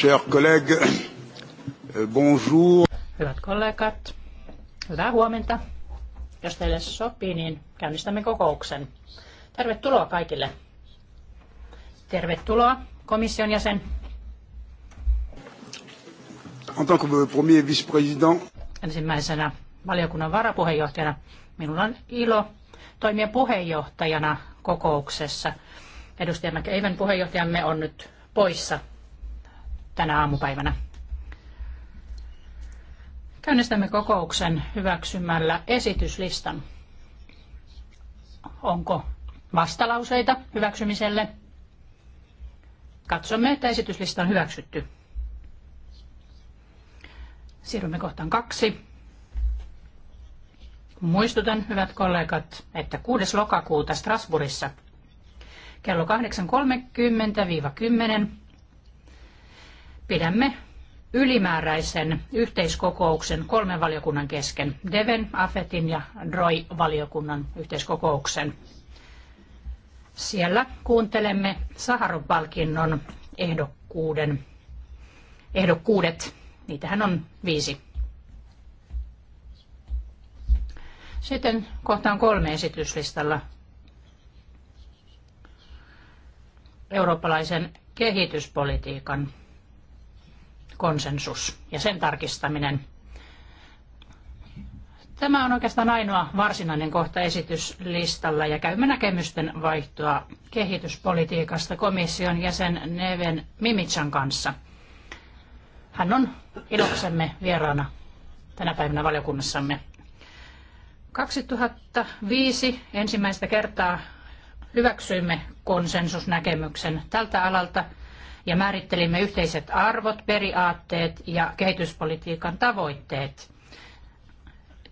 Chers collègues, euh, bonjour. Hyvät kollegat, hyvää huomenta. Jos teille sopii, niin käynnistämme kokouksen. Tervetuloa kaikille. Tervetuloa komission jäsen. En tant que premier vice-président. Ensimmäisenä valiokunnan varapuheenjohtajana minulla on ilo toimia puheenjohtajana kokouksessa. Edustaja McEiven puheenjohtajamme on nyt poissa tänä aamupäivänä. Käynnistämme kokouksen hyväksymällä esityslistan. Onko vastalauseita hyväksymiselle? Katsomme, että esityslista on hyväksytty. Siirrymme kohtaan kaksi. Muistutan, hyvät kollegat, että 6. lokakuuta Strasbourgissa kello 8.30-10 pidämme ylimääräisen yhteiskokouksen kolmen valiokunnan kesken, Deven, Afetin ja Droi-valiokunnan yhteiskokouksen. Siellä kuuntelemme Saharov-palkinnon ehdokkuuden, ehdokkuudet. Niitähän on viisi. Sitten kohtaan kolme esityslistalla eurooppalaisen kehityspolitiikan konsensus ja sen tarkistaminen. Tämä on oikeastaan ainoa varsinainen kohta esityslistalla ja käymme näkemysten vaihtoa kehityspolitiikasta komission jäsen Neven Mimitsan kanssa. Hän on iloksemme vieraana tänä päivänä valiokunnassamme. 2005 ensimmäistä kertaa hyväksyimme konsensusnäkemyksen tältä alalta – ja määrittelimme yhteiset arvot, periaatteet ja kehityspolitiikan tavoitteet.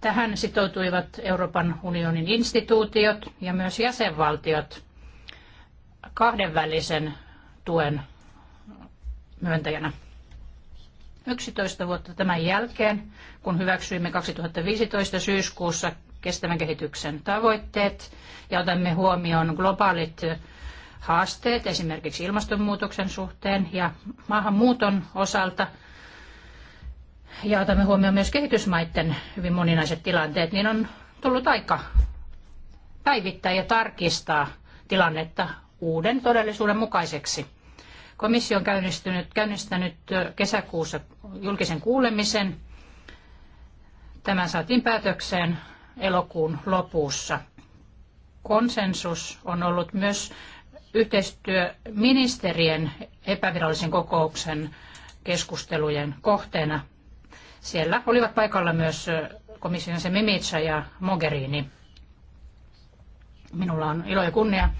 Tähän sitoutuivat Euroopan unionin instituutiot ja myös jäsenvaltiot kahdenvälisen tuen myöntäjänä. 11 vuotta tämän jälkeen, kun hyväksyimme 2015 syyskuussa kestävän kehityksen tavoitteet ja otamme huomioon globaalit haasteet esimerkiksi ilmastonmuutoksen suhteen ja maahanmuuton osalta ja otamme huomioon myös kehitysmaiden hyvin moninaiset tilanteet, niin on tullut aika päivittää ja tarkistaa tilannetta uuden todellisuuden mukaiseksi. Komissio on käynnistänyt kesäkuussa julkisen kuulemisen. Tämä saatiin päätökseen elokuun lopussa. Konsensus on ollut myös yhteistyöministerien epävirallisen kokouksen keskustelujen kohteena. Siellä olivat paikalla myös komission se Mimica ja Mogherini. Minulla on ilo ja kunnia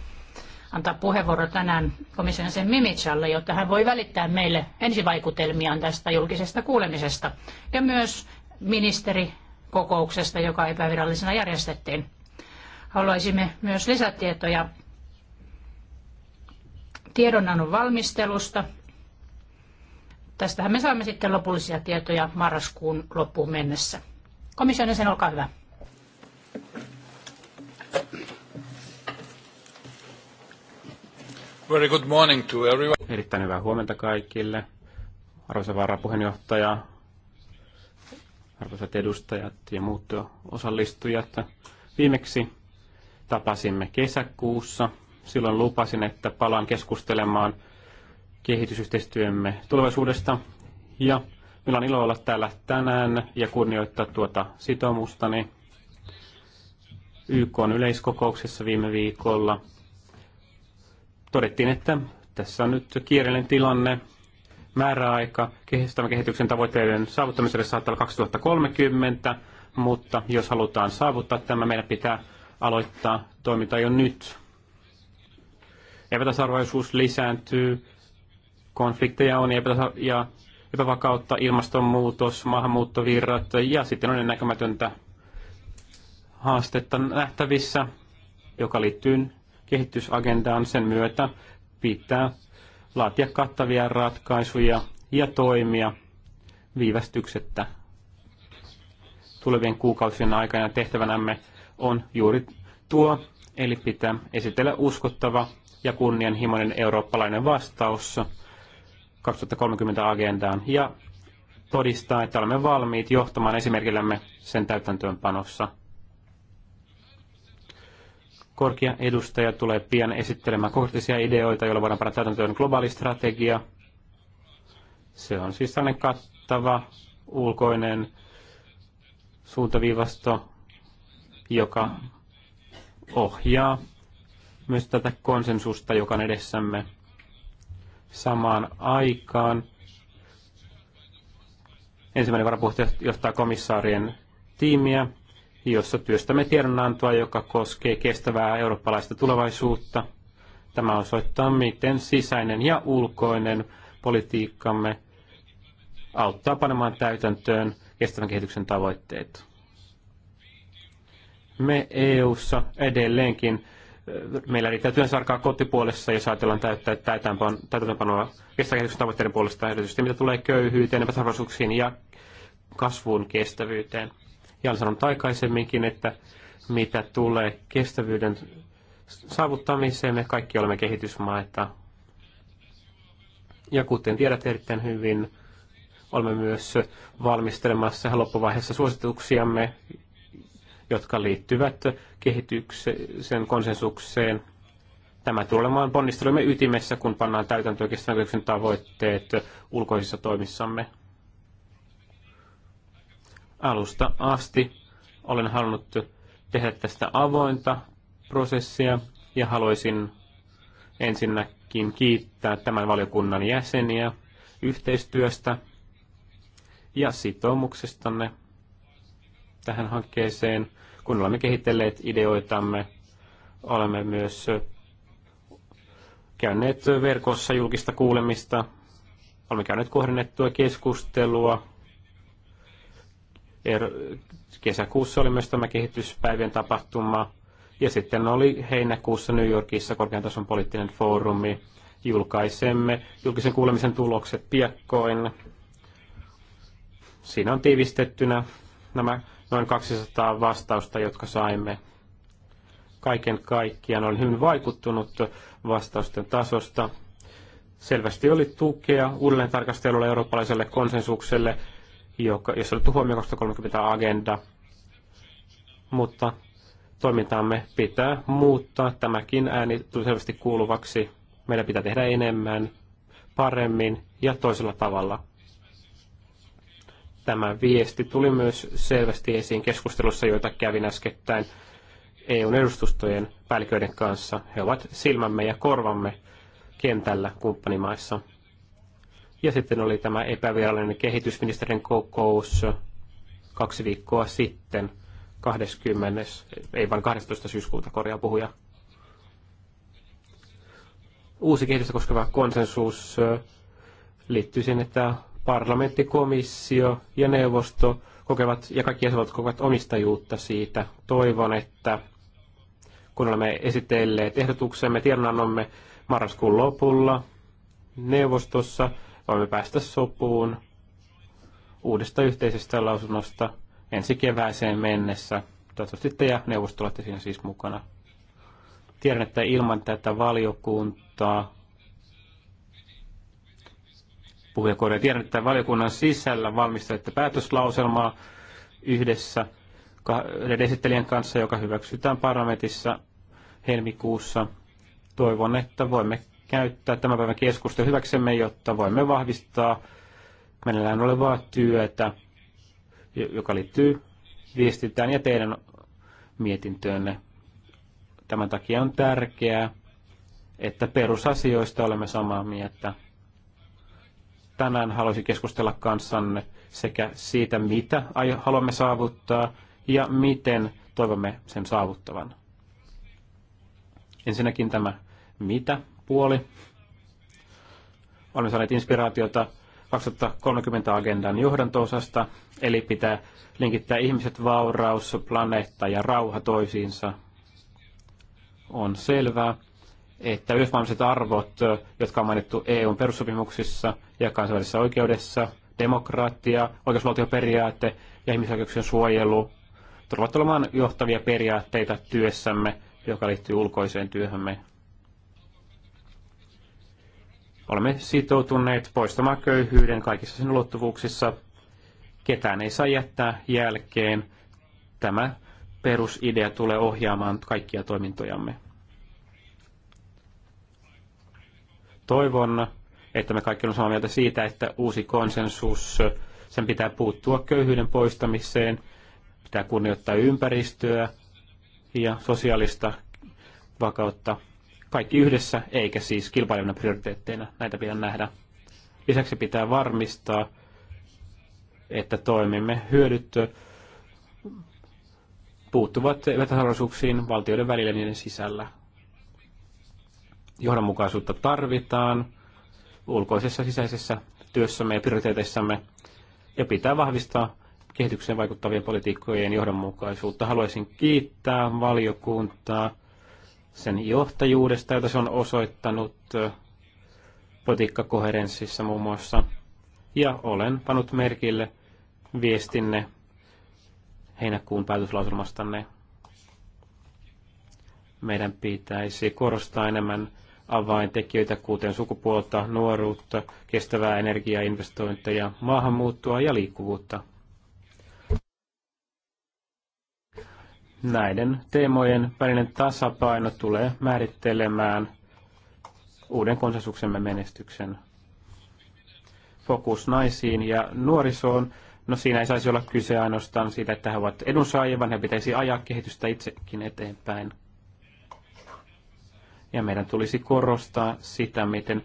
antaa puheenvuoro tänään komission sen Mimicalle, jotta hän voi välittää meille ensivaikutelmiaan tästä julkisesta kuulemisesta ja myös ministerikokouksesta, joka epävirallisena järjestettiin. Haluaisimme myös lisätietoja tiedonannon valmistelusta. Tästähän me saamme sitten lopullisia tietoja marraskuun loppuun mennessä. Komission sen olkaa hyvä. Very good morning to everyone. Erittäin hyvää huomenta kaikille. Arvoisa varapuheenjohtaja, arvoisat edustajat ja muut osallistujat. Viimeksi tapasimme kesäkuussa Silloin lupasin, että palaan keskustelemaan kehitysyhteistyömme tulevaisuudesta. Ja minulla on ilo olla täällä tänään ja kunnioittaa tuota sitoumustani YK yleiskokouksessa viime viikolla. Todettiin, että tässä on nyt kiireellinen tilanne, määräaika kestävän kehityksen tavoitteiden saavuttamiselle saattaa olla 2030, mutta jos halutaan saavuttaa tämä, meidän pitää aloittaa toiminta jo nyt epätasarvoisuus lisääntyy, konflikteja on ja epävakautta, ilmastonmuutos, maahanmuuttovirrat ja sitten on näkymätöntä haastetta nähtävissä, joka liittyy kehitysagendaan sen myötä pitää laatia kattavia ratkaisuja ja toimia viivästyksettä. Tulevien kuukausien aikana tehtävänämme on juuri tuo, eli pitää esitellä uskottava ja kunnianhimoinen eurooppalainen vastaus 2030-agendaan ja todistaa, että olemme valmiit johtamaan esimerkillämme sen täytäntöönpanossa. Korkea edustaja tulee pian esittelemään konkreettisia ideoita, joilla voidaan panna täytäntöön globaali strategia. Se on siis sellainen kattava ulkoinen suuntaviivasto, joka ohjaa myös tätä konsensusta, joka on edessämme samaan aikaan. Ensimmäinen varapuheenjohtaja johtaa komissaarien tiimiä, jossa työstämme tiedonantoa, joka koskee kestävää eurooppalaista tulevaisuutta. Tämä osoittaa, miten sisäinen ja ulkoinen politiikkamme auttaa panemaan täytäntöön kestävän kehityksen tavoitteet. Me EU:ssa edelleenkin meillä riittää työnsarkaa kotipuolessa, jos ajatellaan täytäntöönpanoa kestäkehityksen tavoitteiden puolesta, erityisesti mitä tulee köyhyyteen, epätarvallisuuksiin ja kasvun kestävyyteen. Ja olen sanonut aikaisemminkin, että mitä tulee kestävyyden saavuttamiseen, me kaikki olemme kehitysmaita. Ja kuten tiedät erittäin hyvin, olemme myös valmistelemassa loppuvaiheessa suosituksiamme jotka liittyvät kehityksen konsensukseen. Tämä tulee olemaan ponnistelumme ytimessä, kun pannaan täytäntöön kestävän tavoitteet ulkoisissa toimissamme. Alusta asti olen halunnut tehdä tästä avointa prosessia ja haluaisin ensinnäkin kiittää tämän valiokunnan jäseniä yhteistyöstä ja sitoumuksestanne tähän hankkeeseen. Kun olemme kehitelleet ideoitamme, olemme myös käyneet verkossa julkista kuulemista, olemme käyneet kohdennettua keskustelua. Er- kesäkuussa oli myös tämä kehityspäivien tapahtuma. Ja sitten oli heinäkuussa New Yorkissa korkean tason poliittinen foorumi. Julkaisemme julkisen kuulemisen tulokset piakkoin. Siinä on tiivistettynä nämä noin 200 vastausta, jotka saimme. Kaiken kaikkiaan olen hyvin vaikuttunut vastausten tasosta. Selvästi oli tukea uudelleen tarkastelulle eurooppalaiselle konsensukselle, joka, jossa oli huomioon 2030 agenda. Mutta toimintaamme pitää muuttaa. Tämäkin ääni tuli selvästi kuuluvaksi. Meidän pitää tehdä enemmän, paremmin ja toisella tavalla. Tämä viesti tuli myös selvästi esiin keskustelussa, joita kävin äskettäin EUn edustustojen päälliköiden kanssa. He ovat silmämme ja korvamme kentällä kumppanimaissa. Ja sitten oli tämä epävirallinen kehitysministerin kokous kaksi viikkoa sitten, 20. ei vain 12. syyskuuta korjaa puhuja. Uusi kehitystä koskeva konsensus liittyy siihen, että parlamentti, komissio ja neuvosto kokevat ja kaikki jäsenvaltiot kokevat omistajuutta siitä. Toivon, että kun olemme esitelleet ehdotuksemme, tiedonannomme marraskuun lopulla neuvostossa, voimme päästä sopuun uudesta yhteisestä lausunnosta ensi kevääseen mennessä. Toivottavasti te ja neuvosto olette siinä siis mukana. Tiedän, että ilman tätä valiokuntaa puhujakorja. Tiedän, että valiokunnan sisällä valmistelette päätöslauselmaa yhdessä esittelijän kanssa, joka hyväksytään parlamentissa helmikuussa. Toivon, että voimme käyttää tämän päivän keskustelun hyväksemme, jotta voimme vahvistaa meneillään olevaa työtä, joka liittyy viestintään ja teidän mietintöönne. Tämän takia on tärkeää, että perusasioista olemme samaa mieltä tänään haluaisin keskustella kanssanne sekä siitä, mitä haluamme saavuttaa ja miten toivomme sen saavuttavan. Ensinnäkin tämä mitä-puoli. Olemme saaneet inspiraatiota 2030-agendan johdantoosasta, eli pitää linkittää ihmiset, vauraus, planeetta ja rauha toisiinsa. On selvää, että yhdysvallalliset arvot, jotka on mainittu EUn perussopimuksissa ja kansainvälisessä oikeudessa, demokratia, oikeusvaltioperiaate ja ihmisoikeuksien suojelu, tulevat olemaan johtavia periaatteita työssämme, joka liittyy ulkoiseen työhömme. Olemme sitoutuneet poistamaan köyhyyden kaikissa sen ulottuvuuksissa. Ketään ei saa jättää jälkeen. Tämä perusidea tulee ohjaamaan kaikkia toimintojamme. Toivon, että me kaikki olemme samaa mieltä siitä, että uusi konsensus, sen pitää puuttua köyhyyden poistamiseen, pitää kunnioittaa ympäristöä ja sosiaalista vakautta. Kaikki yhdessä, eikä siis kilpailevina prioriteetteina. Näitä pitää nähdä. Lisäksi pitää varmistaa, että toimimme hyödyttö, puuttuvat epätasarvoisuuksiin valtioiden välillä niiden sisällä johdonmukaisuutta tarvitaan ulkoisessa sisäisessä työssämme ja prioriteeteissamme ja pitää vahvistaa kehitykseen vaikuttavien politiikkojen johdonmukaisuutta. Haluaisin kiittää valiokuntaa sen johtajuudesta, jota se on osoittanut politiikkakoherenssissa muun muassa. Ja olen panut merkille viestinne heinäkuun päätöslauselmastanne. Meidän pitäisi korostaa enemmän avaintekijöitä, kuten sukupuolta, nuoruutta, kestävää energiainvestointeja, investointeja, maahanmuuttoa ja liikkuvuutta. Näiden teemojen välinen tasapaino tulee määrittelemään uuden konsensuksemme menestyksen. Fokus naisiin ja nuorisoon. No siinä ei saisi olla kyse ainoastaan siitä, että he ovat edunsaajia, vaan he pitäisi ajaa kehitystä itsekin eteenpäin ja meidän tulisi korostaa sitä, miten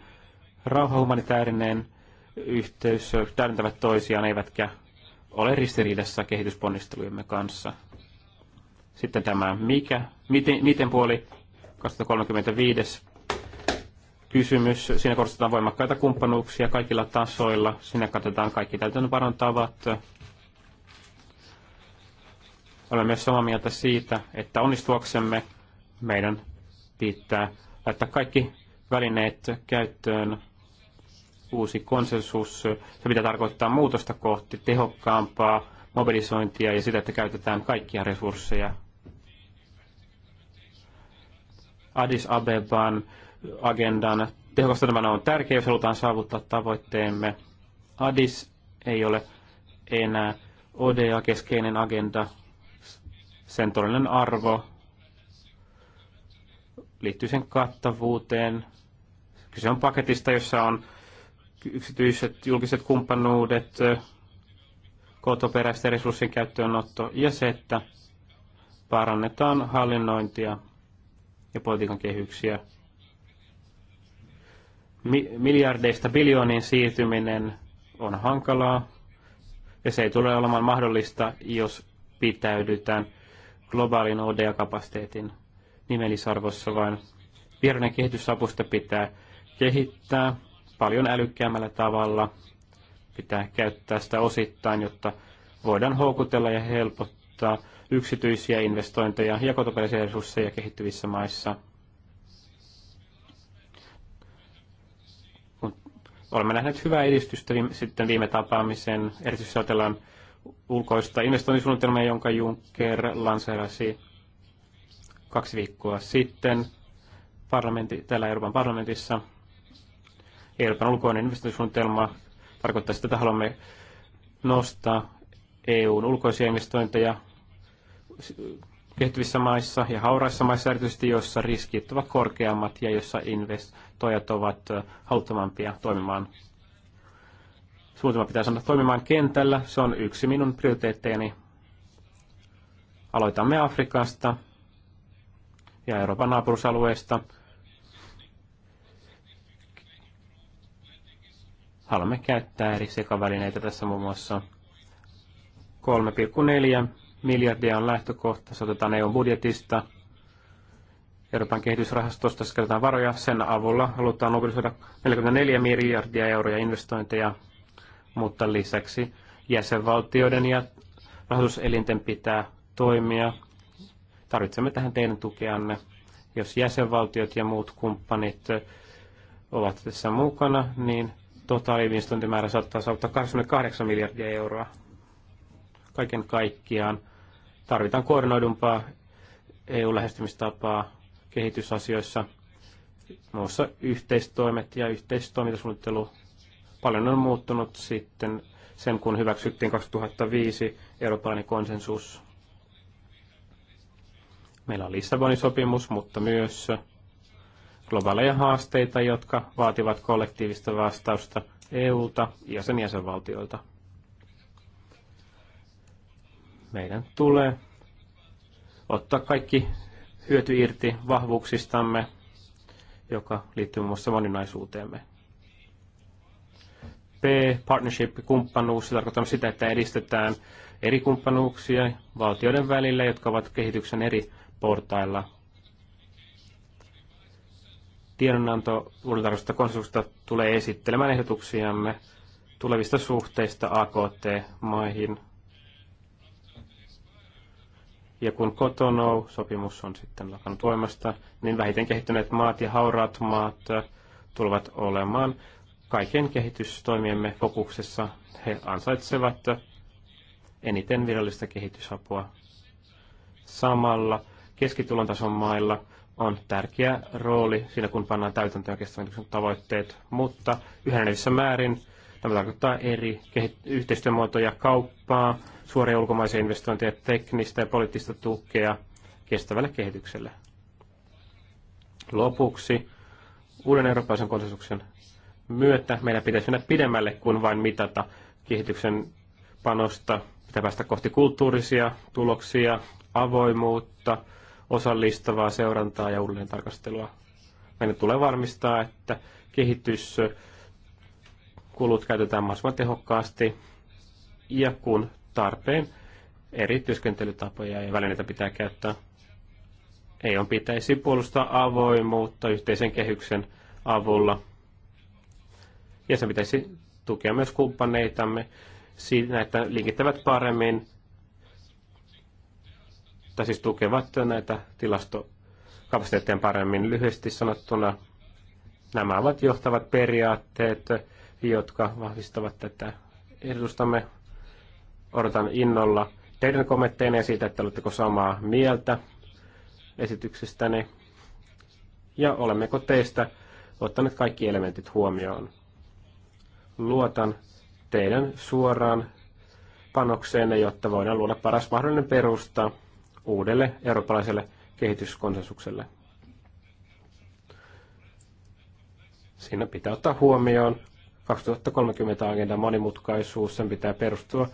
rauha humanitaarinen yhteys täydentävät toisiaan eivätkä ole ristiriidassa kehitysponnistelujemme kanssa. Sitten tämä mikä, miten, miten puoli 2035 kysymys. Siinä korostetaan voimakkaita kumppanuuksia kaikilla tasoilla. Siinä katsotaan kaikki täytäntöpanon tavat. Olemme myös samaa mieltä siitä, että onnistuaksemme meidän liittää, laittaa kaikki välineet käyttöön. Uusi konsensus, se pitää tarkoittaa muutosta kohti tehokkaampaa mobilisointia ja sitä, että käytetään kaikkia resursseja. Addis Abeban agendan tehokasta tämä on tärkeä, jos halutaan saavuttaa tavoitteemme. Addis ei ole enää ODA-keskeinen agenda. Sen todellinen arvo liittyy sen kattavuuteen. Kyse on paketista, jossa on yksityiset julkiset kumppanuudet, kotoperäisten resurssien käyttöönotto ja se, että parannetaan hallinnointia ja politiikan kehyksiä. Mi- miljardeista biljooniin siirtyminen on hankalaa ja se ei tule olemaan mahdollista, jos pitäydytään globaalin ODA-kapasiteetin nimellisarvossa, vaan vieronen kehitysapusta pitää kehittää paljon älykkäämmällä tavalla. Pitää käyttää sitä osittain, jotta voidaan houkutella ja helpottaa yksityisiä investointeja ja kotopäisiä resursseja kehittyvissä maissa. olemme nähneet hyvää edistystä viime, sitten viime tapaamisen. Erityisesti ajatellaan ulkoista investointisuunnitelmaa, jonka Juncker lanseerasi kaksi viikkoa sitten parlamentti, täällä Euroopan parlamentissa. Euroopan ulkoinen investointisuunnitelma tarkoittaa sitä, että haluamme nostaa EUn ulkoisia investointeja kehittyvissä maissa ja hauraissa maissa erityisesti, joissa riskit ovat korkeammat ja joissa investoijat ovat haluttomampia toimimaan. Suunnitelma pitää saada toimimaan kentällä. Se on yksi minun prioriteetteeni. Aloitamme Afrikasta ja Euroopan naapurusalueista. Haluamme käyttää eri sekavälineitä tässä muun muassa 3,4 miljardia on lähtökohta, se otetaan EUn budjetista, Euroopan kehitysrahastosta käytetään varoja. Sen avulla halutaan mobilisoida 44 miljardia euroja investointeja, mutta lisäksi jäsenvaltioiden ja rahoituselinten pitää toimia Tarvitsemme tähän teidän tukeanne. Jos jäsenvaltiot ja muut kumppanit ovat tässä mukana, niin totaaliinvestointimäärä saattaa saavuttaa 28 miljardia euroa. Kaiken kaikkiaan tarvitaan koordinoidumpaa EU-lähestymistapaa kehitysasioissa, muun muassa yhteistoimet ja yhteistoimintasuunnittelu. Paljon on muuttunut sitten sen, kun hyväksyttiin 2005 eurooppalainen konsensus Meillä on Lissabonin sopimus, mutta myös globaaleja haasteita, jotka vaativat kollektiivista vastausta EU-ta ja sen jäsenvaltioilta. Meidän tulee ottaa kaikki hyöty irti vahvuuksistamme, joka liittyy muun muassa moninaisuuteemme. P, partnership, kumppanuus, se tarkoittaa sitä, että edistetään eri kumppanuuksia valtioiden välillä, jotka ovat kehityksen eri portailla. Tiedonanto uudentarvoisesta konsensuksesta tulee esittelemään ehdotuksiamme tulevista suhteista AKT-maihin. Ja kun Kotonou-sopimus on sitten lakannut voimasta, niin vähiten kehittyneet maat ja hauraat maat tulevat olemaan kaiken kehitystoimiemme fokuksessa. He ansaitsevat eniten virallista kehitysapua. Samalla keskitulon tason mailla on tärkeä rooli siinä, kun pannaan täytäntöön kestävän tavoitteet, mutta yhä enenevissä määrin tämä tarkoittaa eri yhteistyömuotoja, kauppaa, suoria ulkomaisia investointeja, teknistä ja poliittista tukea kestävälle kehitykselle. Lopuksi uuden eurooppalaisen konsensuksen myötä meidän pitäisi mennä pidemmälle kuin vain mitata kehityksen panosta. Pitää päästä kohti kulttuurisia tuloksia, avoimuutta, osallistavaa seurantaa ja uudelleen tarkastelua. Meidän tulee varmistaa, että kehityskulut käytetään mahdollisimman tehokkaasti ja kun tarpeen eri työskentelytapoja ja välineitä pitää käyttää. Ei on pitäisi puolustaa avoimuutta yhteisen kehyksen avulla. Ja se pitäisi tukea myös kumppaneitamme siinä, että linkittävät paremmin tai siis tukevat näitä tilastokapasiteetteja paremmin. Lyhyesti sanottuna nämä ovat johtavat periaatteet, jotka vahvistavat tätä ehdotustamme. Odotan innolla teidän ja siitä, että oletteko samaa mieltä esityksestäni ja olemmeko teistä ottaneet kaikki elementit huomioon. Luotan teidän suoraan panokseenne, jotta voidaan luoda paras mahdollinen perusta uudelle eurooppalaiselle kehityskonsensukselle. Siinä pitää ottaa huomioon 2030 agendan monimutkaisuus, sen pitää perustua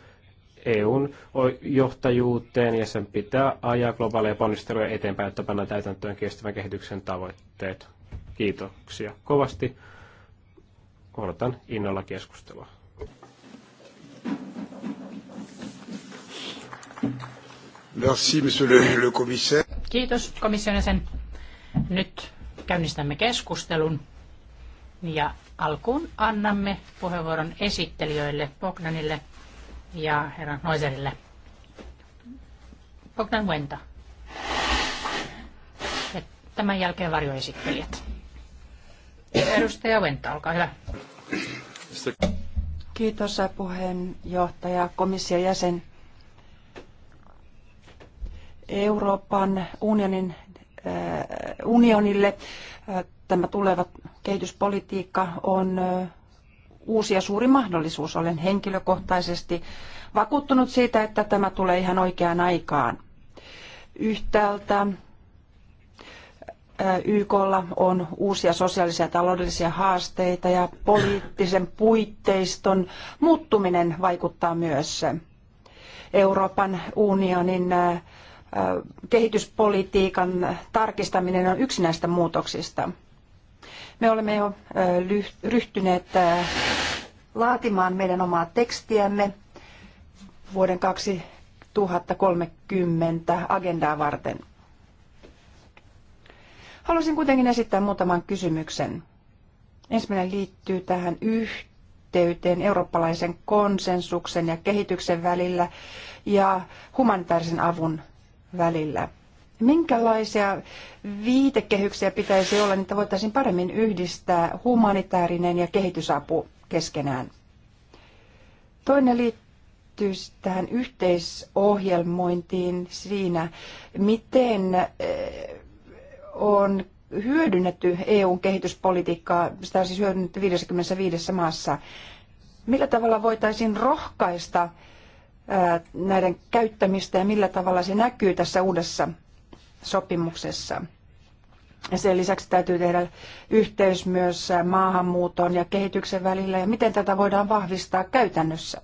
EUn johtajuuteen ja sen pitää ajaa globaaleja ponnisteluja eteenpäin, että pannaan täytäntöön kestävän kehityksen tavoitteet. Kiitoksia kovasti. Odotan innolla keskustelua. Merci, monsieur le, le commissaire. Kiitos komission jäsen, Nyt käynnistämme keskustelun ja alkuun annamme puheenvuoron esittelijöille Bogdanille ja herra Noiserille. Bogdan Wenta. Ja tämän jälkeen varjoesittelijät. Edustaja Wenta, olkaa hyvä. Kiitos puheenjohtaja, komission jäsen. Euroopan unionin, äh, unionille äh, tämä tuleva kehityspolitiikka on äh, uusi ja suuri mahdollisuus. Olen henkilökohtaisesti vakuuttunut siitä, että tämä tulee ihan oikeaan aikaan. Yhtäältä YKlla on uusia sosiaalisia ja taloudellisia haasteita ja poliittisen puitteiston muuttuminen vaikuttaa myös Euroopan unionin kehityspolitiikan tarkistaminen on yksi näistä muutoksista. Me olemme jo ryhtyneet laatimaan meidän omaa tekstiämme vuoden 2030 agendaa varten. Haluaisin kuitenkin esittää muutaman kysymyksen. Ensimmäinen liittyy tähän yhteyteen eurooppalaisen konsensuksen ja kehityksen välillä ja humanitaarisen avun välillä. Minkälaisia viitekehyksiä pitäisi olla, niin että voitaisiin paremmin yhdistää humanitaarinen ja kehitysapu keskenään? Toinen liittyy tähän yhteisohjelmointiin siinä, miten eh, on hyödynnetty EUn kehityspolitiikkaa, sitä on siis hyödynnetty 55 maassa. Millä tavalla voitaisiin rohkaista näiden käyttämistä ja millä tavalla se näkyy tässä uudessa sopimuksessa. Ja sen lisäksi täytyy tehdä yhteys myös maahanmuuton ja kehityksen välillä ja miten tätä voidaan vahvistaa käytännössä.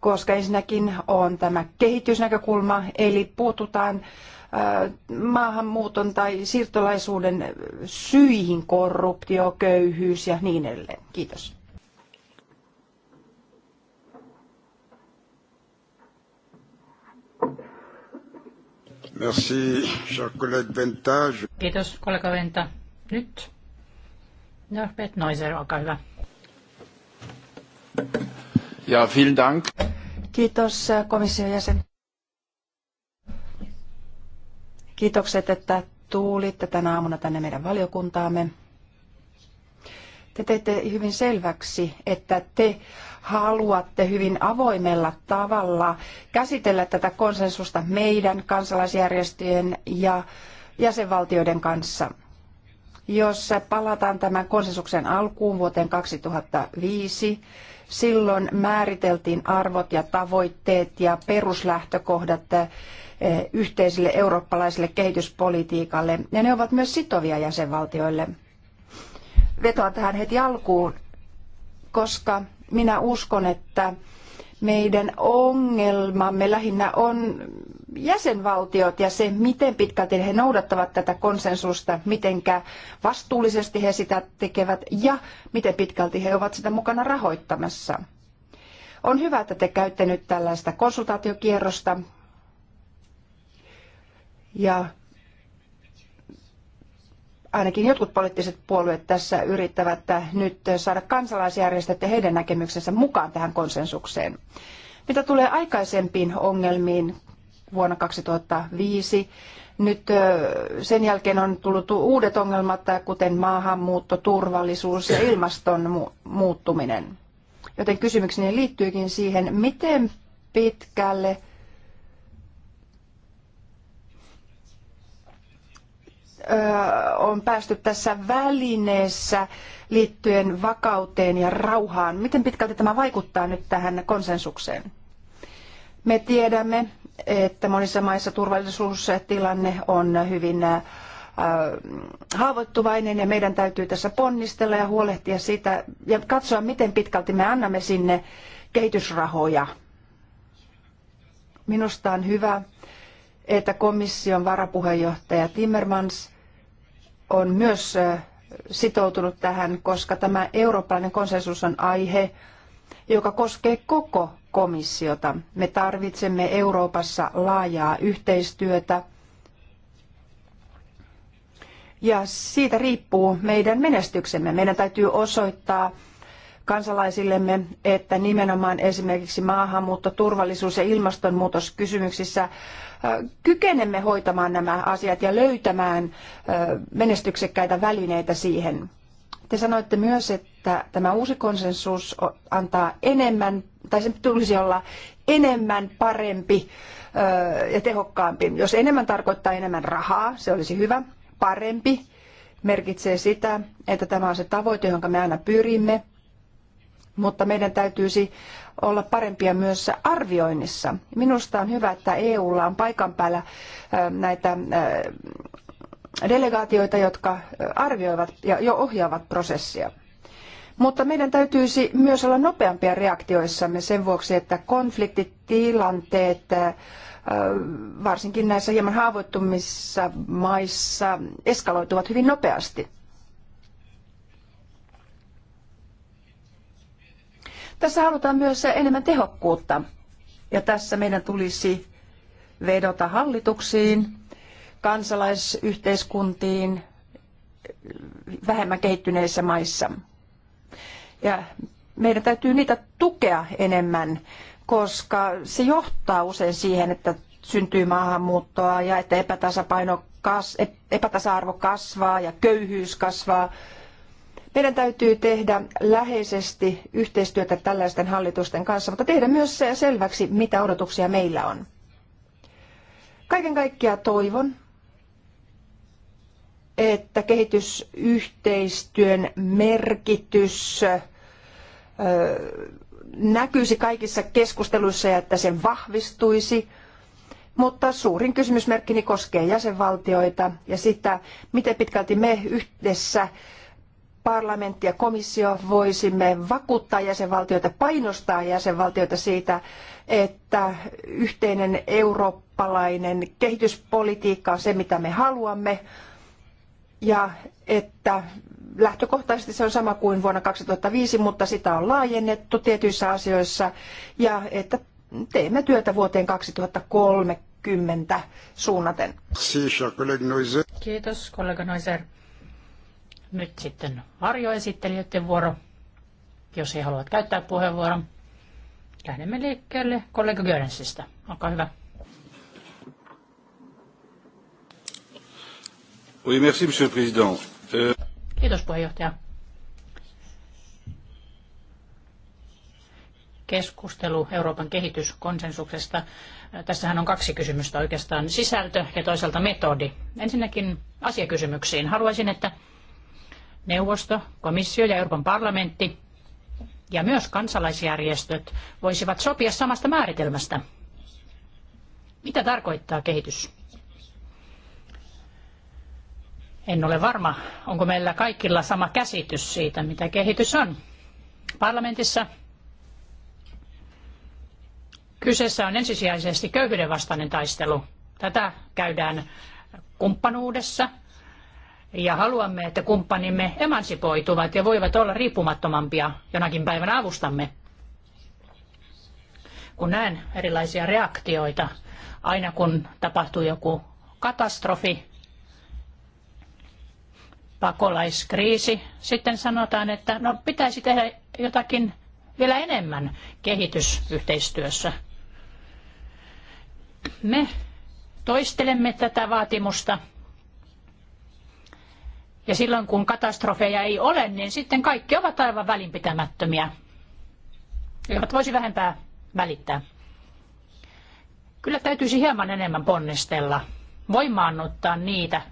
Koska ensinnäkin on tämä kehitysnäkökulma, eli puututaan maahanmuuton tai siirtolaisuuden syihin, korruptio, köyhyys ja niin edelleen. Kiitos. Merci, Venta. Kiitos, kollega Venta. Nyt. No, Bert Noiser, olkaa hyvä. Ja, vielen Dank. Kiitos äh, komission jäsen. Kiitokset, että tuulitte tänä aamuna tänne meidän valiokuntaamme. Te teitte hyvin selväksi, että te haluatte hyvin avoimella tavalla käsitellä tätä konsensusta meidän kansalaisjärjestöjen ja jäsenvaltioiden kanssa. Jos palataan tämän konsensuksen alkuun vuoteen 2005, silloin määriteltiin arvot ja tavoitteet ja peruslähtökohdat eh, yhteiselle eurooppalaiselle kehityspolitiikalle, ja ne ovat myös sitovia jäsenvaltioille. Vetoan tähän heti alkuun, koska minä uskon, että meidän ongelmamme lähinnä on jäsenvaltiot ja se, miten pitkälti he noudattavat tätä konsensusta, mitenkä vastuullisesti he sitä tekevät ja miten pitkälti he ovat sitä mukana rahoittamassa. On hyvä, että te käytte nyt tällaista konsultaatiokierrosta ja ainakin jotkut poliittiset puolueet tässä yrittävät nyt saada kansalaisjärjestöt ja heidän näkemyksensä mukaan tähän konsensukseen. Mitä tulee aikaisempiin ongelmiin vuonna 2005, nyt sen jälkeen on tullut uudet ongelmat, kuten maahanmuutto, turvallisuus ja ilmaston muuttuminen. Joten kysymykseni liittyykin siihen, miten pitkälle on päästy tässä välineessä liittyen vakauteen ja rauhaan. Miten pitkälti tämä vaikuttaa nyt tähän konsensukseen? Me tiedämme, että monissa maissa turvallisuustilanne on hyvin haavoittuvainen ja meidän täytyy tässä ponnistella ja huolehtia siitä ja katsoa, miten pitkälti me annamme sinne kehitysrahoja. Minusta on hyvä, että komission varapuheenjohtaja Timmermans on myös sitoutunut tähän, koska tämä eurooppalainen konsensus on aihe, joka koskee koko komissiota. Me tarvitsemme Euroopassa laajaa yhteistyötä. Ja siitä riippuu meidän menestyksemme. Meidän täytyy osoittaa kansalaisillemme, että nimenomaan esimerkiksi maahanmuutto, turvallisuus ja ilmastonmuutoskysymyksissä äh, kykenemme hoitamaan nämä asiat ja löytämään äh, menestyksekkäitä välineitä siihen. Te sanoitte myös, että tämä uusi konsensus antaa enemmän, tai sen tulisi olla enemmän parempi äh, ja tehokkaampi. Jos enemmän tarkoittaa enemmän rahaa, se olisi hyvä. Parempi merkitsee sitä, että tämä on se tavoite, johon me aina pyrimme mutta meidän täytyisi olla parempia myös arvioinnissa. Minusta on hyvä, että EUlla on paikan päällä näitä delegaatioita, jotka arvioivat ja jo ohjaavat prosessia. Mutta meidän täytyisi myös olla nopeampia reaktioissamme sen vuoksi, että konfliktitilanteet varsinkin näissä hieman haavoittumissa maissa eskaloituvat hyvin nopeasti. Tässä halutaan myös enemmän tehokkuutta. Ja tässä meidän tulisi vedota hallituksiin, kansalaisyhteiskuntiin vähemmän kehittyneissä maissa. Ja meidän täytyy niitä tukea enemmän, koska se johtaa usein siihen, että syntyy maahanmuuttoa ja että epätasapaino kas, epätasa-arvo kasvaa ja köyhyys kasvaa. Meidän täytyy tehdä läheisesti yhteistyötä tällaisten hallitusten kanssa, mutta tehdä myös selväksi, mitä odotuksia meillä on. Kaiken kaikkiaan toivon, että kehitysyhteistyön merkitys näkyisi kaikissa keskusteluissa ja että se vahvistuisi. Mutta suurin kysymysmerkkini koskee jäsenvaltioita ja sitä, miten pitkälti me yhdessä parlamentti ja komissio voisimme vakuuttaa jäsenvaltioita, painostaa jäsenvaltioita siitä, että yhteinen eurooppalainen kehityspolitiikka on se, mitä me haluamme, ja että lähtökohtaisesti se on sama kuin vuonna 2005, mutta sitä on laajennettu tietyissä asioissa, ja että teemme työtä vuoteen 2030 suunnaten. Kiitos kollega Noiser. Nyt sitten varjoesittelijöiden vuoro, jos he haluavat käyttää puheenvuoron. Lähdemme liikkeelle kollega Görensistä. Olkaa hyvä. Oui, merci, monsieur le président. Euh, Kiitos puheenjohtaja. keskustelu Euroopan kehityskonsensuksesta. Tässähän on kaksi kysymystä oikeastaan, sisältö ja toisaalta metodi. Ensinnäkin asiakysymyksiin. Haluaisin, että neuvosto, komissio ja Euroopan parlamentti ja myös kansalaisjärjestöt voisivat sopia samasta määritelmästä. Mitä tarkoittaa kehitys? En ole varma, onko meillä kaikilla sama käsitys siitä, mitä kehitys on. Parlamentissa kyseessä on ensisijaisesti köyhyyden vastainen taistelu. Tätä käydään kumppanuudessa, ja haluamme, että kumppanimme emansipoituvat ja voivat olla riippumattomampia jonakin päivänä avustamme. Kun näen erilaisia reaktioita, aina kun tapahtuu joku katastrofi, pakolaiskriisi, sitten sanotaan, että no, pitäisi tehdä jotakin vielä enemmän kehitysyhteistyössä. Me toistelemme tätä vaatimusta ja silloin kun katastrofeja ei ole, niin sitten kaikki ovat aivan välinpitämättömiä. Eivät voisi vähempää välittää. Kyllä täytyisi hieman enemmän ponnistella, voimaannuttaa niitä,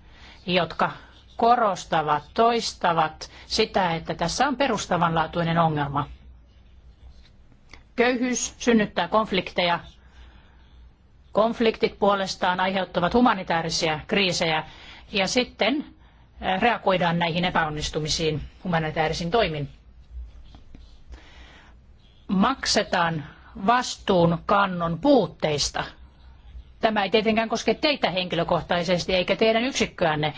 jotka korostavat, toistavat sitä, että tässä on perustavanlaatuinen ongelma. Köyhyys synnyttää konflikteja. Konfliktit puolestaan aiheuttavat humanitaarisia kriisejä. Ja sitten reagoidaan näihin epäonnistumisiin humanitaarisin toimin. Maksetaan vastuun kannon puutteista. Tämä ei tietenkään koske teitä henkilökohtaisesti eikä teidän yksikköänne,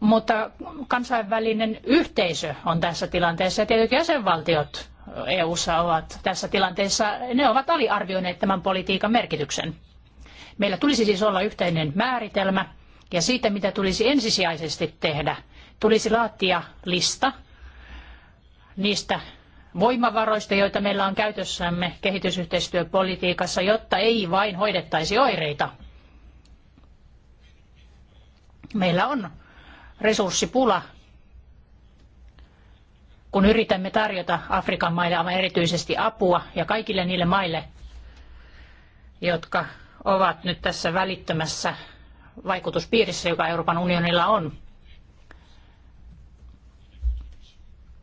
mutta kansainvälinen yhteisö on tässä tilanteessa ja tietyt jäsenvaltiot EU-ssa ovat tässä tilanteessa, ne ovat aliarvioineet tämän politiikan merkityksen. Meillä tulisi siis olla yhteinen määritelmä – ja siitä, mitä tulisi ensisijaisesti tehdä. Tulisi laatia lista niistä voimavaroista, joita meillä on käytössämme kehitysyhteistyöpolitiikassa, jotta ei vain hoidettaisi oireita. Meillä on resurssipula, kun yritämme tarjota Afrikan maille aivan erityisesti apua ja kaikille niille maille, jotka ovat nyt tässä välittömässä vaikutuspiirissä, joka Euroopan unionilla on.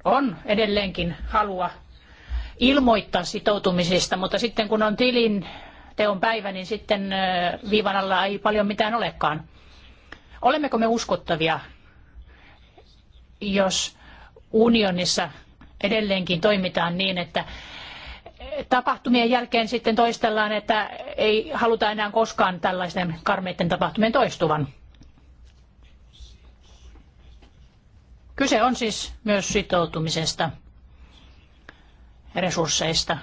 On edelleenkin halua ilmoittaa sitoutumisista, mutta sitten kun on tilin teon päivä, niin sitten viivan alla ei paljon mitään olekaan. Olemmeko me uskottavia, jos unionissa edelleenkin toimitaan niin, että tapahtumien jälkeen sitten toistellaan, että ei haluta enää koskaan tällaisten karmeiden tapahtumien toistuvan. Kyse on siis myös sitoutumisesta, resursseista.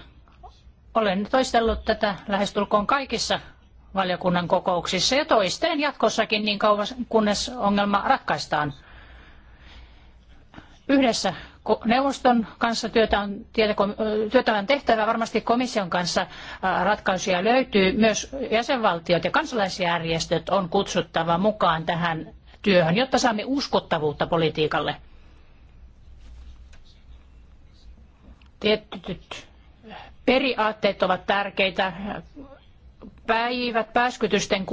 Olen toistellut tätä lähestulkoon kaikissa valiokunnan kokouksissa ja toisteen jatkossakin niin kauan, kunnes ongelma ratkaistaan. Yhdessä neuvoston kanssa työtä on, työtä on tehtävä, varmasti komission kanssa ratkaisuja löytyy. Myös jäsenvaltiot ja kansalaisjärjestöt on kutsuttava mukaan tähän työhön, jotta saamme uskottavuutta politiikalle. Tietyt periaatteet ovat tärkeitä. Päivät pääskytysten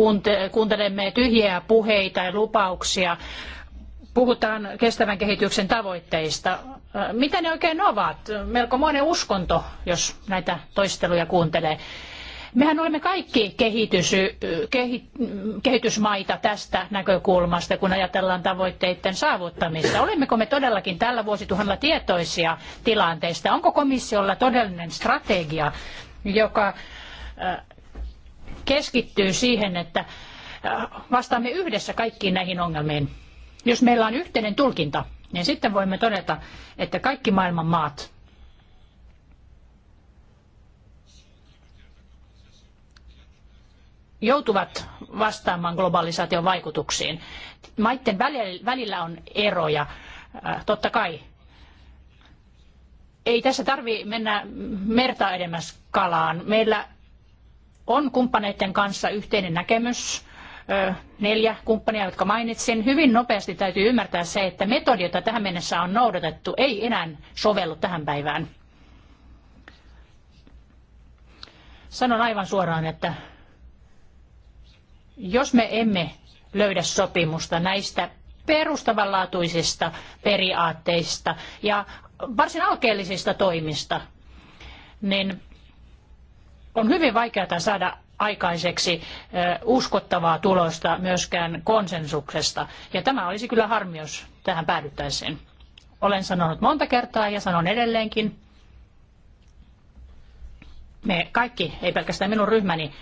kuuntelemme tyhjiä puheita ja lupauksia puhutaan kestävän kehityksen tavoitteista. Mitä ne oikein ovat? Melko monen uskonto, jos näitä toisteluja kuuntelee. Mehän olemme kaikki kehitys, kehi, kehitysmaita tästä näkökulmasta, kun ajatellaan tavoitteiden saavuttamista. Olemmeko me todellakin tällä vuosituhannella tietoisia tilanteista? Onko komissiolla todellinen strategia, joka äh, keskittyy siihen, että äh, vastaamme yhdessä kaikkiin näihin ongelmiin? Jos meillä on yhteinen tulkinta, niin sitten voimme todeta, että kaikki maailman maat joutuvat vastaamaan globalisaation vaikutuksiin. Maiden välillä on eroja, äh, totta kai. Ei tässä tarvi mennä merta edemmäs kalaan. Meillä on kumppaneiden kanssa yhteinen näkemys neljä kumppania, jotka mainitsin. Hyvin nopeasti täytyy ymmärtää se, että metodi, jota tähän mennessä on noudatettu, ei enää sovellu tähän päivään. Sanon aivan suoraan, että jos me emme löydä sopimusta näistä perustavanlaatuisista periaatteista ja varsin alkeellisista toimista, niin on hyvin vaikeaa saada aikaiseksi uskottavaa tulosta myöskään konsensuksesta. Ja tämä olisi kyllä harmi, jos tähän päädyttäisiin. Olen sanonut monta kertaa ja sanon edelleenkin. Me kaikki, ei pelkästään minun ryhmäni,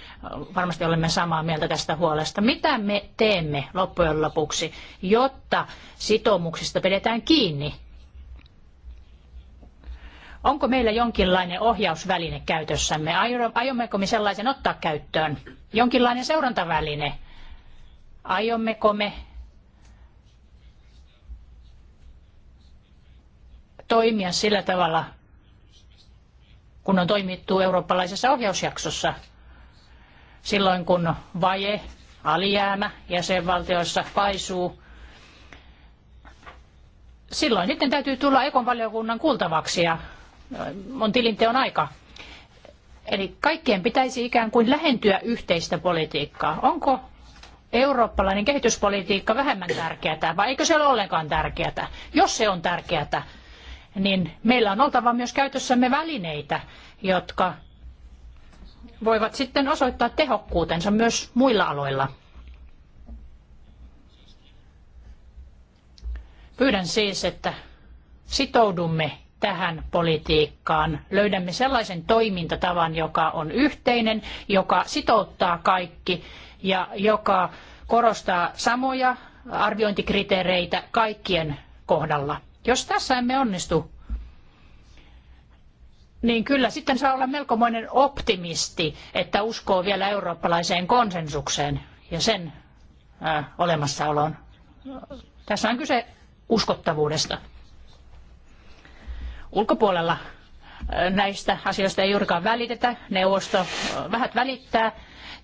varmasti olemme samaa mieltä tästä huolesta. Mitä me teemme loppujen lopuksi, jotta sitoumuksista pidetään kiinni Onko meillä jonkinlainen ohjausväline käytössämme? Aiommeko me sellaisen ottaa käyttöön? Jonkinlainen seurantaväline? Aiommeko me toimia sillä tavalla, kun on toimittu eurooppalaisessa ohjausjaksossa, silloin kun vaje, alijäämä jäsenvaltioissa paisuu, silloin sitten täytyy tulla ekon valiokunnan kuultavaksi ja on tilinteon aika. Eli kaikkien pitäisi ikään kuin lähentyä yhteistä politiikkaa. Onko eurooppalainen kehityspolitiikka vähemmän tärkeää vai eikö se ole ollenkaan tärkeää? Jos se on tärkeää, niin meillä on oltava myös käytössämme välineitä, jotka voivat sitten osoittaa tehokkuutensa myös muilla aloilla. Pyydän siis, että sitoudumme tähän politiikkaan. Löydämme sellaisen toimintatavan, joka on yhteinen, joka sitouttaa kaikki ja joka korostaa samoja arviointikriteereitä kaikkien kohdalla. Jos tässä emme onnistu, niin kyllä sitten saa olla melkomoinen optimisti, että uskoo vielä eurooppalaiseen konsensukseen ja sen äh, olemassaoloon. Tässä on kyse uskottavuudesta ulkopuolella näistä asioista ei juurikaan välitetä. Neuvosto vähät välittää.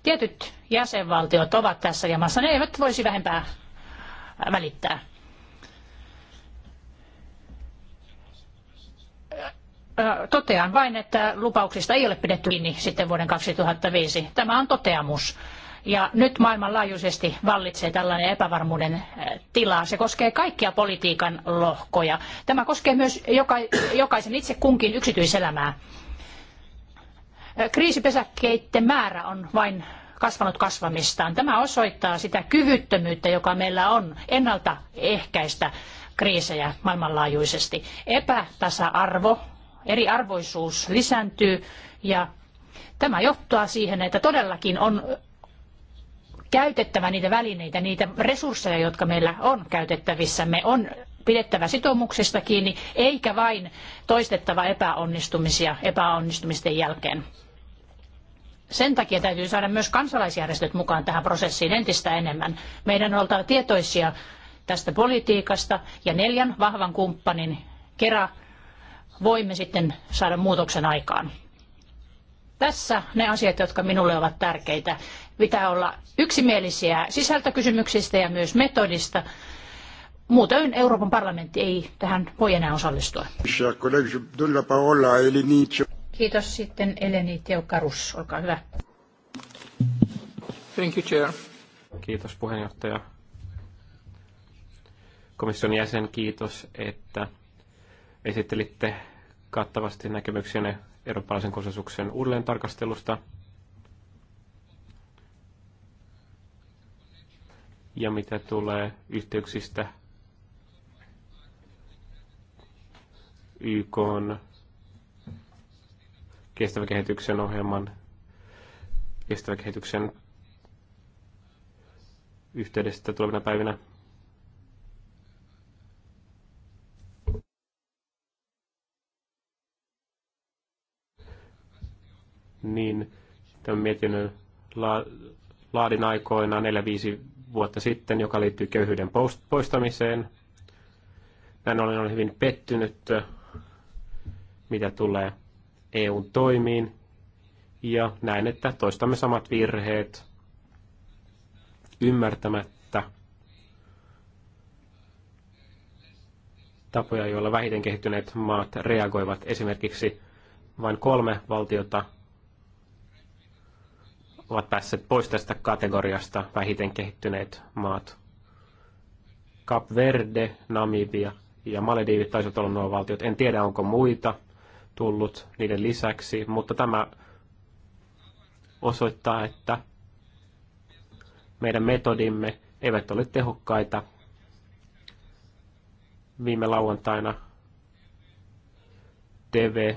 Tietyt jäsenvaltiot ovat tässä jamassa. Ne eivät voisi vähempää välittää. Totean vain, että lupauksista ei ole pidetty kiinni sitten vuoden 2005. Tämä on toteamus. Ja nyt maailmanlaajuisesti vallitsee tällainen epävarmuuden äh, tila. Se koskee kaikkia politiikan lohkoja. Tämä koskee myös jokaisen itse kunkin yksityiselämää. Äh, Kriisipesäkkeiden määrä on vain kasvanut kasvamistaan. Tämä osoittaa sitä kyvyttömyyttä, joka meillä on ennaltaehkäistä kriisejä maailmanlaajuisesti. Epätasa-arvo, eriarvoisuus lisääntyy ja tämä johtaa siihen, että todellakin on käytettävä niitä välineitä, niitä resursseja, jotka meillä on käytettävissämme, on pidettävä sitoumuksista kiinni, eikä vain toistettava epäonnistumisia epäonnistumisten jälkeen. Sen takia täytyy saada myös kansalaisjärjestöt mukaan tähän prosessiin entistä enemmän. Meidän on oltava tietoisia tästä politiikasta ja neljän vahvan kumppanin kera voimme sitten saada muutoksen aikaan. Tässä ne asiat, jotka minulle ovat tärkeitä. Pitää olla yksimielisiä sisältökysymyksistä ja myös metodista. Muutoin Euroopan parlamentti ei tähän voi enää osallistua. Kiitos sitten Eleni Teukarus, olkaa hyvä. Thank you, Chair. Kiitos puheenjohtaja. Komission jäsen, kiitos, että esittelitte kattavasti näkemyksenne eurooppalaisen konsensuksen uudelleen tarkastelusta – Ja mitä tulee yhteyksistä YK on kestävän kehityksen ohjelman kestävän kehityksen yhteydestä tulevina päivinä. Niin tämän mietinnön la- laadin aikoina 4-5 vuotta sitten, joka liittyy köyhyyden poistamiseen. Näin olen ollut hyvin pettynyt, äh, mitä tulee EUn toimiin. Ja näin, että toistamme samat virheet ymmärtämättä tapoja, joilla vähiten kehittyneet maat reagoivat. Esimerkiksi vain kolme valtiota ovat päässeet pois tästä kategoriasta, vähiten kehittyneet maat. Cap Verde, Namibia ja Malediivit taisivat olla nuo valtiot. En tiedä, onko muita tullut niiden lisäksi, mutta tämä osoittaa, että meidän metodimme eivät ole tehokkaita. Viime lauantaina TV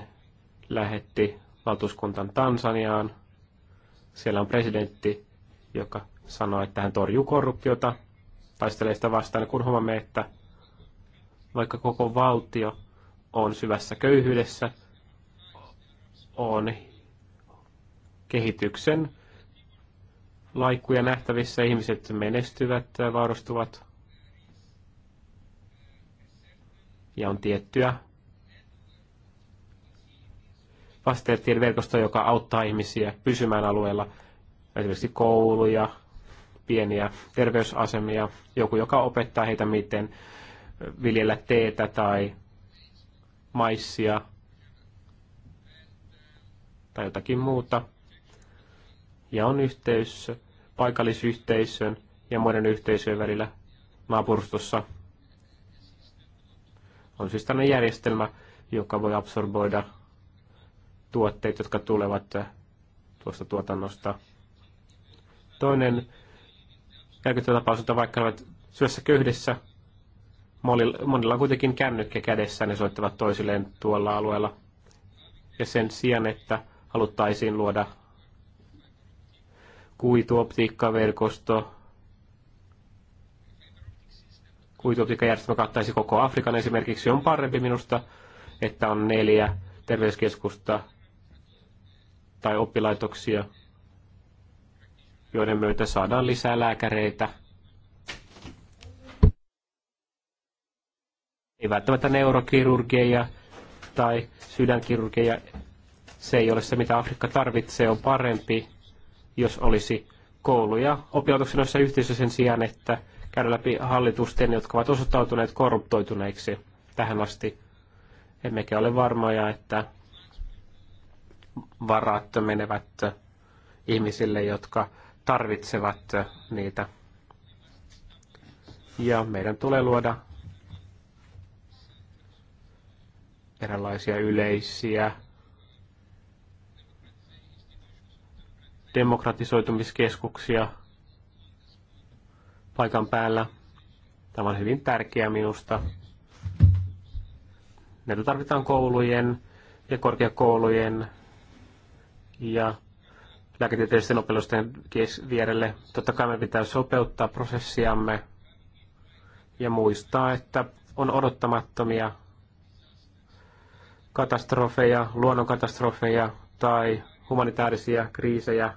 lähetti valtuuskuntan Tansaniaan – siellä on presidentti, joka sanoo, että hän torjuu korruptiota, taistelee sitä vastaan, kun huomaamme, että vaikka koko valtio on syvässä köyhyydessä, on kehityksen laikkuja nähtävissä, ihmiset menestyvät, varustuvat ja on tiettyä fasiliteettien verkosto, joka auttaa ihmisiä pysymään alueella, esimerkiksi kouluja, pieniä terveysasemia, joku, joka opettaa heitä, miten viljellä teetä tai maissia tai jotakin muuta. Ja on yhteys paikallisyhteisön ja muiden yhteisöjen välillä naapurustossa. On siis tämmöinen järjestelmä, joka voi absorboida tuotteet, jotka tulevat tuosta tuotannosta. Toinen järkyttävä tapaus, että vaikka ovat syössä köydessä, monilla on kuitenkin kännykkä kädessä, ne soittavat toisilleen tuolla alueella. Ja sen sijaan, että haluttaisiin luoda kuituoptiikkaverkosto, kuituoptiikkajärjestelmä kattaisi koko Afrikan esimerkiksi, on parempi minusta, että on neljä terveyskeskusta tai oppilaitoksia, joiden myötä saadaan lisää lääkäreitä. Ei välttämättä neurokirurgeja tai sydänkirurgeja. Se ei ole se, mitä Afrikka tarvitsee. On parempi, jos olisi kouluja oppilaitoksen noissa yhteisössä sen sijaan, että käydä läpi hallitusten, jotka ovat osoittautuneet korruptoituneiksi tähän asti. Emmekä ole varmoja, että varat menevät ihmisille, jotka tarvitsevat niitä. Ja meidän tulee luoda erilaisia yleisiä demokratisoitumiskeskuksia paikan päällä. Tämä on hyvin tärkeää minusta. Näitä tarvitaan koulujen ja korkeakoulujen ja lääketieteellisten oppilaisten vierelle. Totta kai me pitää sopeuttaa prosessiamme ja muistaa, että on odottamattomia katastrofeja, luonnonkatastrofeja tai humanitaarisia kriisejä.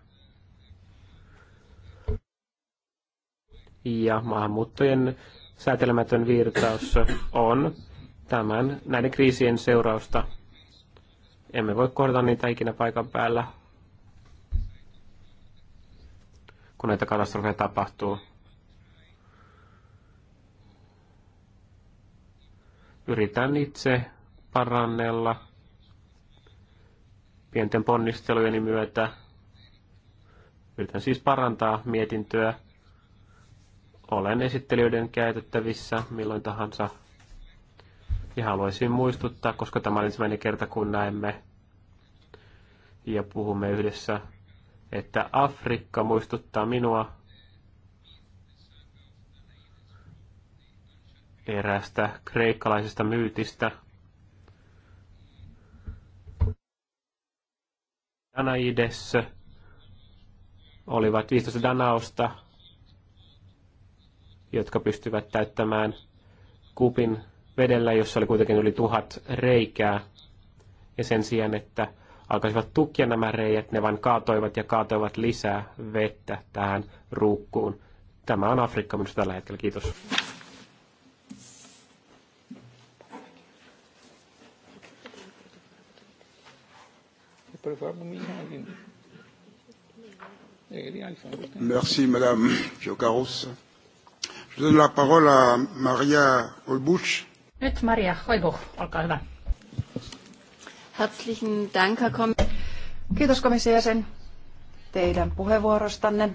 Ja maahanmuuttojen säätelemätön virtaus on tämän, näiden kriisien seurausta. Emme voi korjata niitä ikinä paikan päällä, kun näitä katastrofeja tapahtuu. Yritän itse parannella pienten ponnistelujeni myötä. Yritän siis parantaa mietintöä. Olen esittelijöiden käytettävissä milloin tahansa ja haluaisin muistuttaa, koska tämä on ensimmäinen kerta, kun näemme ja puhumme yhdessä, että Afrikka muistuttaa minua erästä kreikkalaisesta myytistä. Danaides olivat 15 danausta, jotka pystyvät täyttämään kupin vedellä, jossa oli kuitenkin yli tuhat reikää. Ja sen sijaan, että alkaisivat tukkia nämä reijät, ne vain kaatoivat ja kaatoivat lisää vettä tähän ruukkuun. Tämä on Afrikka minusta tällä hetkellä. Kiitos. Merci, Madame Jokaros. Je donne la parole à Maria Olbuch nyt Maria Hoibu, olkaa hyvä. Herzlichen Dank, Kiitos komission jäsen teidän puheenvuorostanne.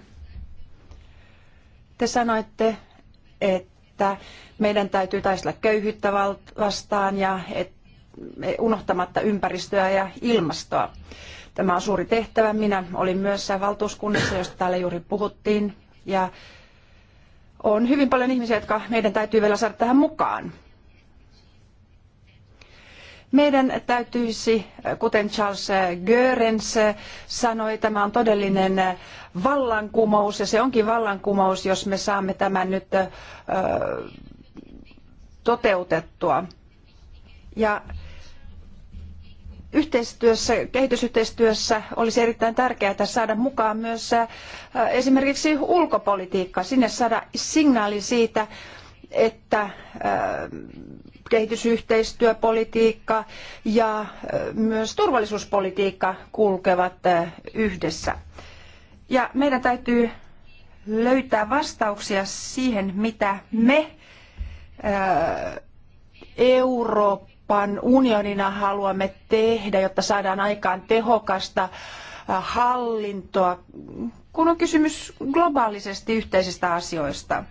Te sanoitte, että meidän täytyy taistella köyhyyttä vastaan ja unohtamatta ympäristöä ja ilmastoa. Tämä on suuri tehtävä. Minä olin myös valtuuskunnassa, josta täällä juuri puhuttiin. Ja on hyvin paljon ihmisiä, jotka meidän täytyy vielä saada tähän mukaan. Meidän täytyisi, kuten Charles Görens sanoi, tämä on todellinen vallankumous ja se onkin vallankumous, jos me saamme tämän nyt toteutettua. Ja yhteistyössä, kehitysyhteistyössä olisi erittäin tärkeää saada mukaan myös esimerkiksi ulkopolitiikka, sinne saada signaali siitä, että kehitysyhteistyöpolitiikka ja myös turvallisuuspolitiikka kulkevat yhdessä. Ja meidän täytyy löytää vastauksia siihen, mitä me Euroopan unionina haluamme tehdä, jotta saadaan aikaan tehokasta hallintoa, kun on kysymys globaalisesti yhteisistä asioista.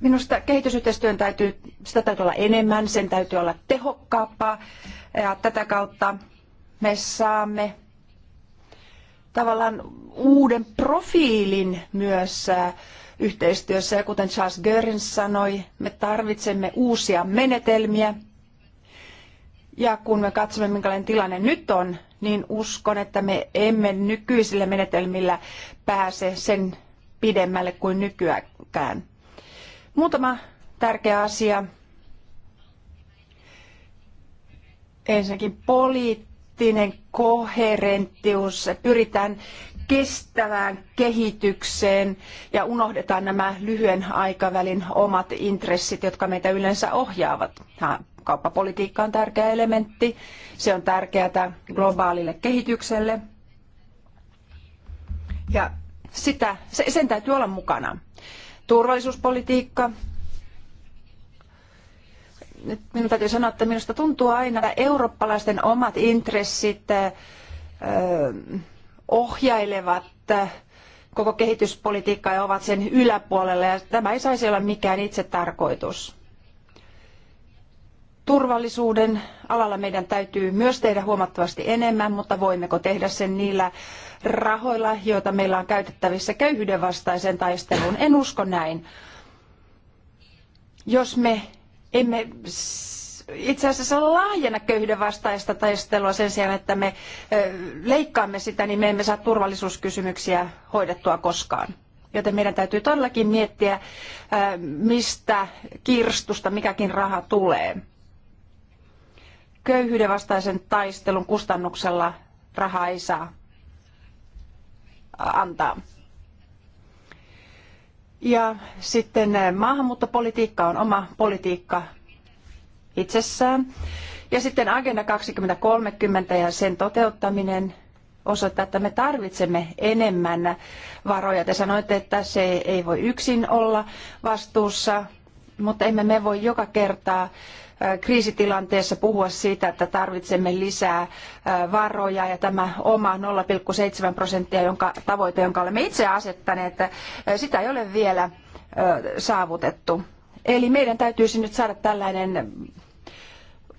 Minusta kehitysyhteistyön täytyy, sitä täytyy olla enemmän, sen täytyy olla tehokkaampaa ja tätä kautta me saamme tavallaan uuden profiilin myös yhteistyössä. Ja kuten Charles Görin sanoi, me tarvitsemme uusia menetelmiä. Ja kun me katsomme, minkälainen tilanne nyt on, niin uskon, että me emme nykyisillä menetelmillä pääse sen pidemmälle kuin nykyäänkään. Muutama tärkeä asia. Ensinnäkin poliittinen koherenttius. Pyritään kestävään kehitykseen ja unohdetaan nämä lyhyen aikavälin omat intressit, jotka meitä yleensä ohjaavat. Kauppapolitiikka on tärkeä elementti. Se on tärkeää globaalille kehitykselle. Ja sitä, sen täytyy olla mukana turvallisuuspolitiikka. Nyt minun täytyy sanoa, että minusta tuntuu aina, että eurooppalaisten omat intressit ohjailevat koko kehityspolitiikkaa ja ovat sen yläpuolella. Ja tämä ei saisi olla mikään itsetarkoitus. Turvallisuuden alalla meidän täytyy myös tehdä huomattavasti enemmän, mutta voimmeko tehdä sen niillä rahoilla, joita meillä on käytettävissä köyhyyden vastaiseen taisteluun. En usko näin. Jos me emme itse asiassa laajenna köyhyyden vastaista taistelua sen sijaan, että me leikkaamme sitä, niin me emme saa turvallisuuskysymyksiä hoidettua koskaan. Joten meidän täytyy todellakin miettiä, mistä kirstusta mikäkin raha tulee. Köyhyyden vastaisen taistelun kustannuksella rahaa ei saa antaa. Ja sitten eh, maahanmuuttopolitiikka on oma politiikka itsessään. Ja sitten Agenda 2030 ja sen toteuttaminen osoittaa, että me tarvitsemme enemmän varoja. Te sanoitte, että se ei voi yksin olla vastuussa, mutta emme me voi joka kertaa Äh, kriisitilanteessa puhua siitä, että tarvitsemme lisää äh, varoja ja tämä oma 0,7 prosenttia, jonka tavoite, jonka olemme itse asettaneet, äh, sitä ei ole vielä saavutettu. Eli meidän täytyisi nyt saada tällainen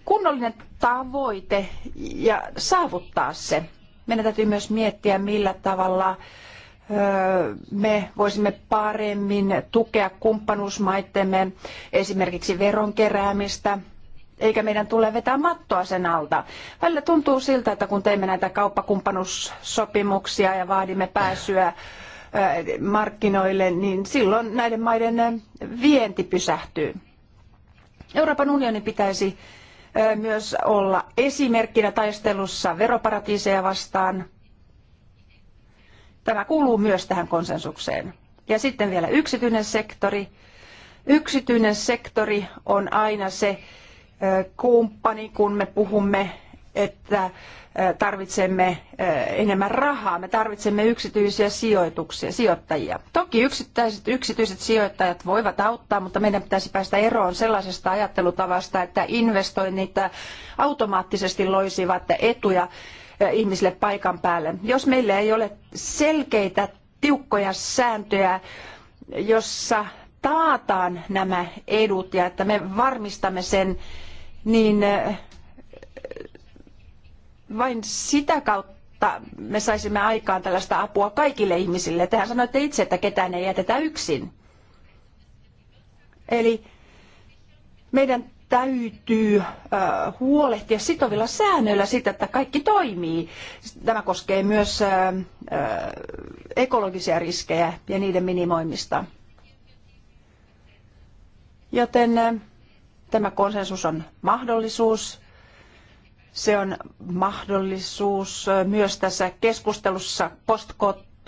kunnollinen tavoite ja saavuttaa se. Meidän täytyy myös miettiä, millä tavalla me voisimme paremmin tukea kumppanuusmaittemme esimerkiksi veron keräämistä, eikä meidän tule vetää mattoa sen alta. Välillä tuntuu siltä, että kun teemme näitä kauppakumppanuussopimuksia ja vaadimme pääsyä markkinoille, niin silloin näiden maiden vienti pysähtyy. Euroopan unionin pitäisi myös olla esimerkkinä taistelussa veroparatiiseja vastaan – Tämä kuuluu myös tähän konsensukseen. Ja sitten vielä yksityinen sektori. Yksityinen sektori on aina se kumppani, kun me puhumme, että tarvitsemme enemmän rahaa, me tarvitsemme yksityisiä sijoituksia, sijoittajia. Toki yksittäiset, yksityiset sijoittajat voivat auttaa, mutta meidän pitäisi päästä eroon sellaisesta ajattelutavasta, että investoinnit automaattisesti loisivat etuja ihmisille paikan päälle. Jos meillä ei ole selkeitä, tiukkoja sääntöjä, jossa taataan nämä edut ja että me varmistamme sen, niin vain sitä kautta me saisimme aikaan tällaista apua kaikille ihmisille. Tehän sanoitte itse, että ketään ei jätetä yksin. Eli meidän täytyy huolehtia sitovilla säännöillä sitä, että kaikki toimii. Tämä koskee myös ekologisia riskejä ja niiden minimoimista. Joten tämä konsensus on mahdollisuus. Se on mahdollisuus myös tässä keskustelussa post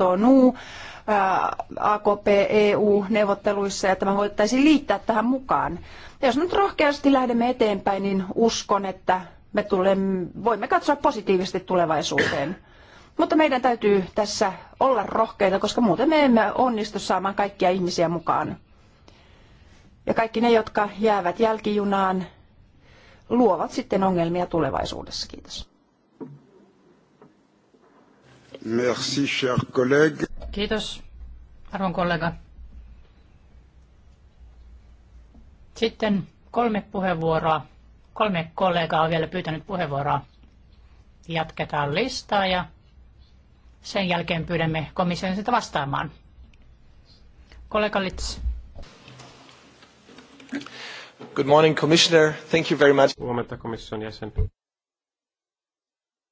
Cotonou AKP-EU-neuvotteluissa ja tämä voitaisiin liittää tähän mukaan. Ja jos nyt rohkeasti lähdemme eteenpäin, niin uskon, että me tulemme, voimme katsoa positiivisesti tulevaisuuteen. Mutta meidän täytyy tässä olla rohkeita, koska muuten me emme onnistu saamaan kaikkia ihmisiä mukaan. Ja kaikki ne, jotka jäävät jälkijunaan, luovat sitten ongelmia tulevaisuudessa. Kiitos. Merci, cher collègue. Kiitos, arvon kollega. Sitten kolme puheenvuoroa. Kolme kollegaa on vielä pyytänyt puheenvuoroa. Jatketaan listaa ja sen jälkeen pyydämme komission sitä vastaamaan. Kollega Litz. Good morning, Commissioner. Thank you very much. Huomenta komission jäsen.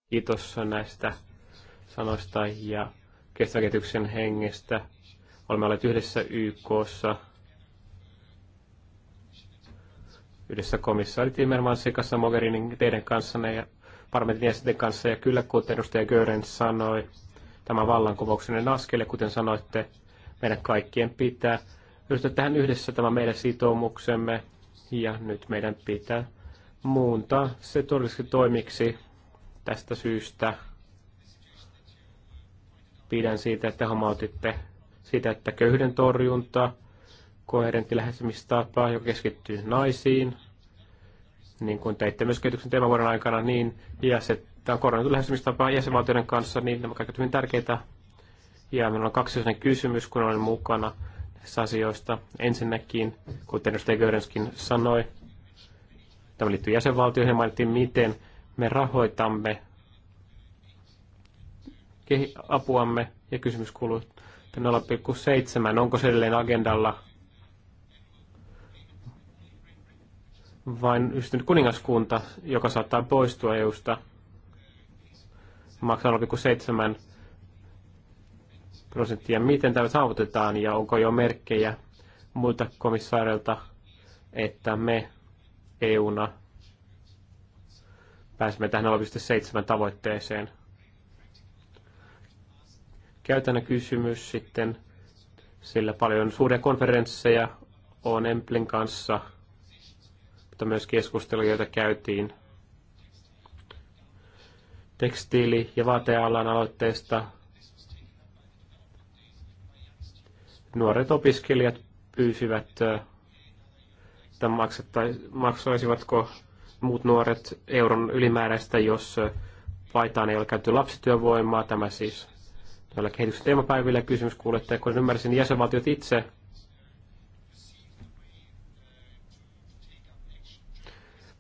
Kiitos näistä sanoista ja kestävän hengestä. Olemme olleet yhdessä YKssa, yhdessä komissaari Timmermansin kanssa, Mogherinin teidän kanssanne ja parlamentin jäsenten kanssa. Ja kyllä, kuten edustaja Gören sanoi, tämä vallankumouksellinen askel, kuten sanoitte, meidän kaikkien pitää ryhtyä tähän yhdessä tämä meidän sitoumuksemme ja nyt meidän pitää muuntaa se todellisesti toimiksi tästä syystä. Pidän siitä, että hamautitte, siitä, että köyhyyden torjunta, koherentti lähestymistapa, joka keskittyy naisiin, niin kuin teitte myös kehityksen teemavuoden aikana, niin, ja se tämä on koordinoitu lähestymistapa jäsenvaltioiden kanssa, niin nämä kaikki hyvin tärkeitä. Ja meillä on kaksi kysymys, kun olen mukana näissä asioista. Ensinnäkin, kuten edustaja Görenskin sanoi, tämä liittyy jäsenvaltioihin, mainittiin, miten me rahoitamme apuamme. Ja kysymys kuuluu, että 0,7, onko se edelleen agendalla vain yhdistynyt kuningaskunta, joka saattaa poistua EUsta, maksaa 0,7 prosenttia. Miten tämä saavutetaan ja onko jo merkkejä muilta komissaareilta, että me EUna pääsemme tähän 0,7 tavoitteeseen? käytännön kysymys sitten, sillä paljon suuria konferensseja on Emplin kanssa, mutta myös keskusteluja, joita käytiin tekstiili- ja vaatealan aloitteesta. Nuoret opiskelijat pyysivät, että maksaisivatko muut nuoret euron ylimääräistä, jos paitaan ei ole käytetty lapsityövoimaa. Tämä siis tuolla kehityksen teemapäivillä. Kysymys kuuluu, että kun ymmärsin, niin jäsenvaltiot itse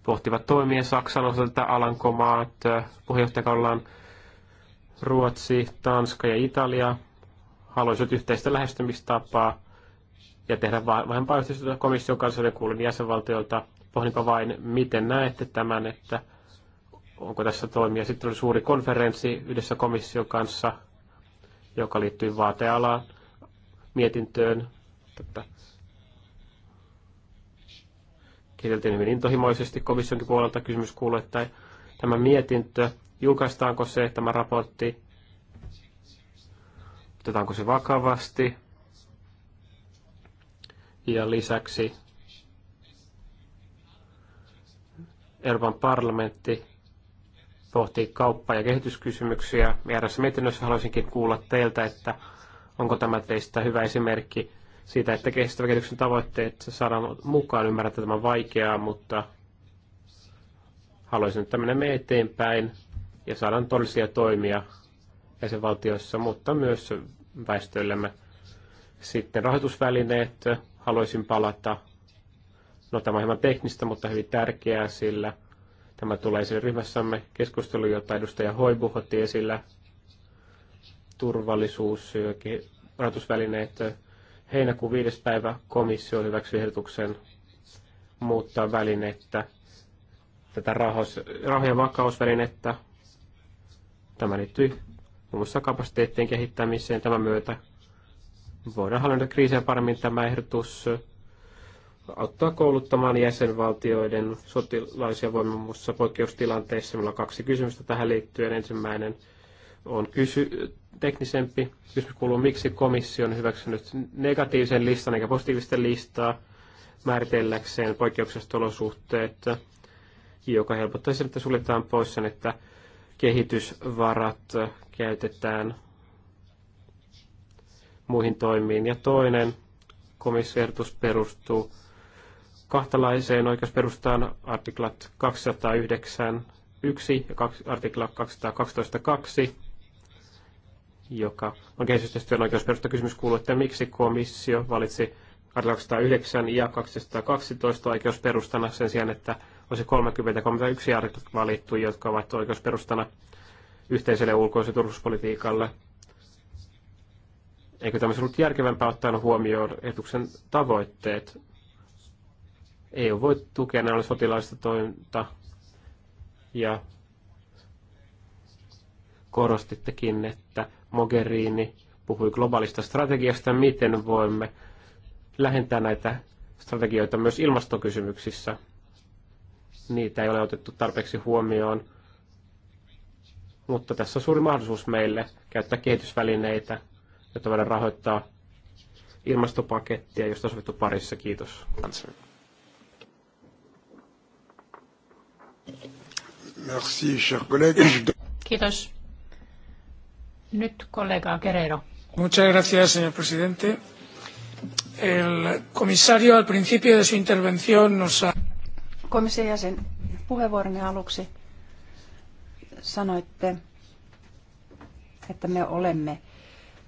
pohtivat toimia Saksan osalta, Alankomaat, äh, puheenjohtajakaudellaan Ruotsi, Tanska ja Italia haluaisivat yhteistä lähestymistapaa ja tehdä vähempää yhteistyötä komission kanssa, ja kuulin jäsenvaltiolta Pohdinpa vain, miten näette tämän, että onko tässä toimia. Sitten oli suuri konferenssi yhdessä komission kanssa – joka liittyy vaatealaan mietintöön. Tätä kirjoitin hyvin intohimoisesti komissionkin puolelta. Kysymys kuuluu, että tämä mietintö, julkaistaanko se, tämä raportti, otetaanko se vakavasti. Ja lisäksi Euroopan parlamentti pohtii kauppa- ja kehityskysymyksiä. Vierässä mietinnössä haluaisinkin kuulla teiltä, että onko tämä teistä hyvä esimerkki siitä, että kestävän kehityksen tavoitteet saadaan mukaan. Ymmärrän, että tämä on vaikeaa, mutta haluaisin, että menemme eteenpäin ja saadaan todellisia toimia jäsenvaltioissa, mutta myös väestöllemme. Sitten rahoitusvälineet, haluaisin palata. No tämä on hieman teknistä, mutta hyvin tärkeää, sillä – Tämä tulee esille ryhmässämme keskustelu, jota edustaja Hoibu otti esillä. Turvallisuus, rahoitusvälineet. Heinäkuun viides päivä komissio hyväksyi ehdotuksen muuttaa välinettä, tätä rahojen vakausvälinettä. Tämä liittyy muun muassa kapasiteettien kehittämiseen. Tämän myötä voidaan hallinnoida kriisiä paremmin. Tämä ehdotus auttaa kouluttamaan jäsenvaltioiden sotilaisia voimamuussa poikkeustilanteissa. Meillä on kaksi kysymystä tähän liittyen. Ensimmäinen on kysy- teknisempi. Kysymys kuuluu, miksi komissio on hyväksynyt negatiivisen listan eikä positiivista listaa määritelläkseen poikkeukselliset olosuhteet, joka helpottaa sen, että suljetaan pois sen, että kehitysvarat käytetään muihin toimiin. Ja toinen komissioehdotus perustuu kahtalaiseen oikeusperustaan artiklat 291 ja artikla 212.2, joka on kehitysyhteistyön oikeusperusta. Kysymys kuuluu, että miksi komissio valitsi artikla 209 ja 212 oikeusperustana sen sijaan, että olisi 30 ja 31 artiklat valittu, jotka ovat oikeusperustana yhteiselle ulkoisen turvallisuuspolitiikalle. Eikö tämmöisen ollut järkevämpää ottaen huomioon etuksen tavoitteet? EU voi tukea näillä sotilaallista toimintaa. ja korostittekin, että Mogherini puhui globaalista strategiasta, miten voimme lähentää näitä strategioita myös ilmastokysymyksissä. Niitä ei ole otettu tarpeeksi huomioon, mutta tässä on suuri mahdollisuus meille käyttää kehitysvälineitä, jotta voidaan rahoittaa ilmastopakettia, josta on sovittu parissa. Kiitos. Answer. Merci, cher collègue. Kiitos. Nyt kollega Guerrero. Muchas gracias, señor presidente. El comisario al principio de su intervención nos ha... Komission jäsen, puheenvuoronne aluksi sanoitte, että me olemme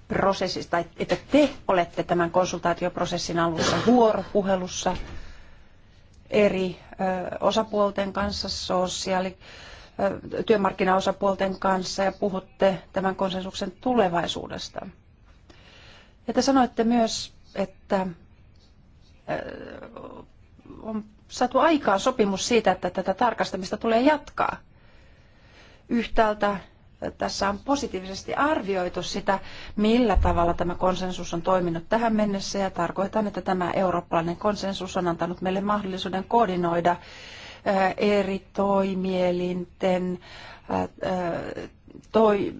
prosessista, että te olette tämän konsultaatioprosessin alussa vuoropuhelussa eri osapuolten kanssa, sosiaali- työmarkkinaosapuolten kanssa ja puhutte tämän konsensuksen tulevaisuudesta. Ja te sanoitte myös, että on saatu aikaan sopimus siitä, että tätä tarkastamista tulee jatkaa. Yhtäältä tässä on positiivisesti arvioitu sitä, millä tavalla tämä konsensus on toiminut tähän mennessä ja tarkoitan, että tämä eurooppalainen konsensus on antanut meille mahdollisuuden koordinoida eri toimielinten toi,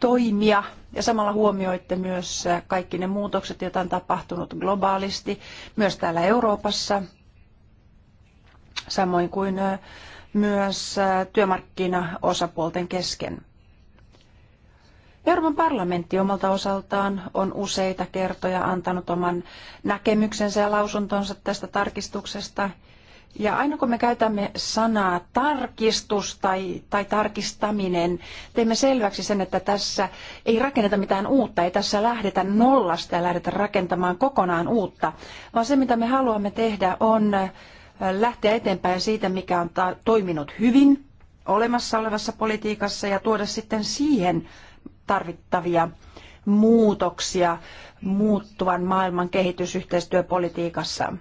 toimia ja samalla huomioitte myös kaikki ne muutokset, joita on tapahtunut globaalisti, myös täällä Euroopassa, samoin kuin myös työmarkkinaosapuolten kesken. Euroopan parlamentti omalta osaltaan on useita kertoja antanut oman näkemyksensä ja lausuntonsa tästä tarkistuksesta, ja aina kun me käytämme sanaa tarkistus tai, tai tarkistaminen, teemme selväksi sen, että tässä ei rakenneta mitään uutta, ei tässä lähdetä nollasta ja lähdetä rakentamaan kokonaan uutta, vaan se mitä me haluamme tehdä on lähteä eteenpäin siitä, mikä on toiminut hyvin olemassa olevassa politiikassa ja tuoda sitten siihen tarvittavia muutoksia muuttuvan maailman kehitysyhteistyöpolitiikassa.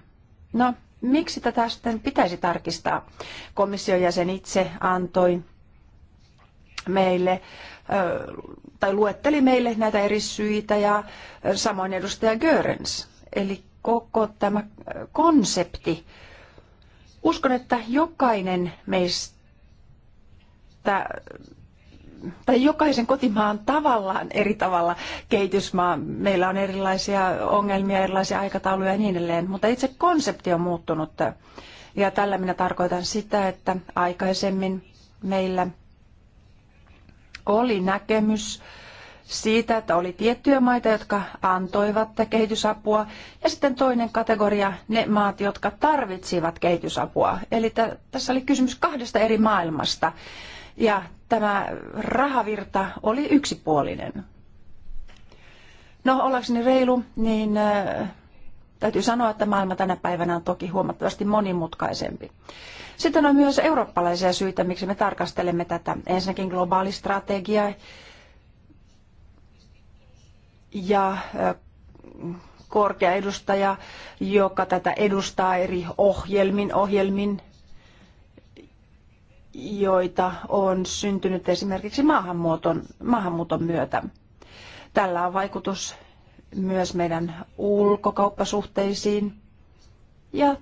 No, Miksi tätä sitten pitäisi tarkistaa? Komission jäsen itse antoi meille tai luetteli meille näitä eri syitä ja samoin edustaja Görens. Eli koko tämä konsepti. Uskon, että jokainen meistä tai jokaisen kotimaan tavallaan eri tavalla kehitysmaa. Meillä on erilaisia ongelmia, erilaisia aikatauluja ja niin edelleen, mutta itse konsepti on muuttunut. Ja tällä minä tarkoitan sitä, että aikaisemmin meillä oli näkemys siitä, että oli tiettyjä maita, jotka antoivat kehitysapua, ja sitten toinen kategoria, ne maat, jotka tarvitsivat kehitysapua. Eli tässä oli kysymys kahdesta eri maailmasta. Ja tämä rahavirta oli yksipuolinen. No, ollakseni reilu, niin äh, täytyy sanoa, että maailma tänä päivänä on toki huomattavasti monimutkaisempi. Sitten on myös eurooppalaisia syitä, miksi me tarkastelemme tätä. Ensinnäkin globaali strategia ja äh, korkea edustaja, joka tätä edustaa eri ohjelmin, ohjelmin joita on syntynyt esimerkiksi maahanmuuton, maahanmuuton myötä. Tällä on vaikutus myös meidän ulkokauppasuhteisiin ja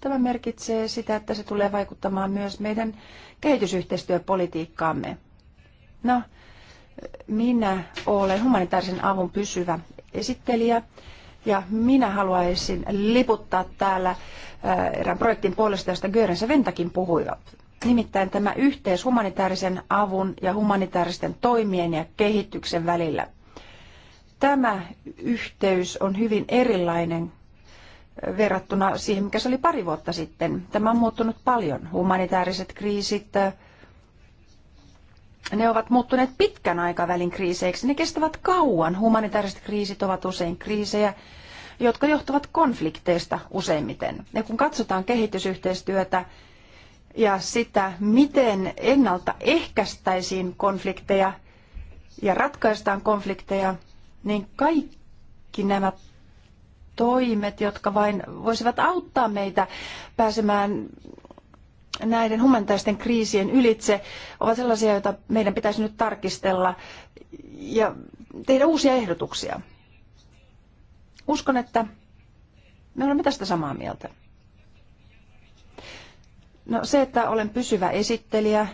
tämä merkitsee sitä, että se tulee vaikuttamaan myös meidän kehitysyhteistyöpolitiikkaamme. No, minä olen humanitaarisen avun pysyvä esittelijä ja minä haluaisin liputtaa täällä äh, erään projektin puolesta, josta Görensä Ventakin puhuivat nimittäin tämä yhteys humanitaarisen avun ja humanitaaristen toimien ja kehityksen välillä. Tämä yhteys on hyvin erilainen verrattuna siihen, mikä se oli pari vuotta sitten. Tämä on muuttunut paljon. Humanitaariset kriisit, ne ovat muuttuneet pitkän aikavälin kriiseiksi. Ne kestävät kauan. Humanitaariset kriisit ovat usein kriisejä, jotka johtuvat konflikteista useimmiten. Ja kun katsotaan kehitysyhteistyötä, ja sitä, miten ennaltaehkäistäisiin konflikteja ja ratkaistaan konflikteja, niin kaikki nämä toimet, jotka vain voisivat auttaa meitä pääsemään näiden humanitaaristen kriisien ylitse, ovat sellaisia, joita meidän pitäisi nyt tarkistella ja tehdä uusia ehdotuksia. Uskon, että me olemme tästä samaa mieltä. No se, että olen pysyvä esittelijä,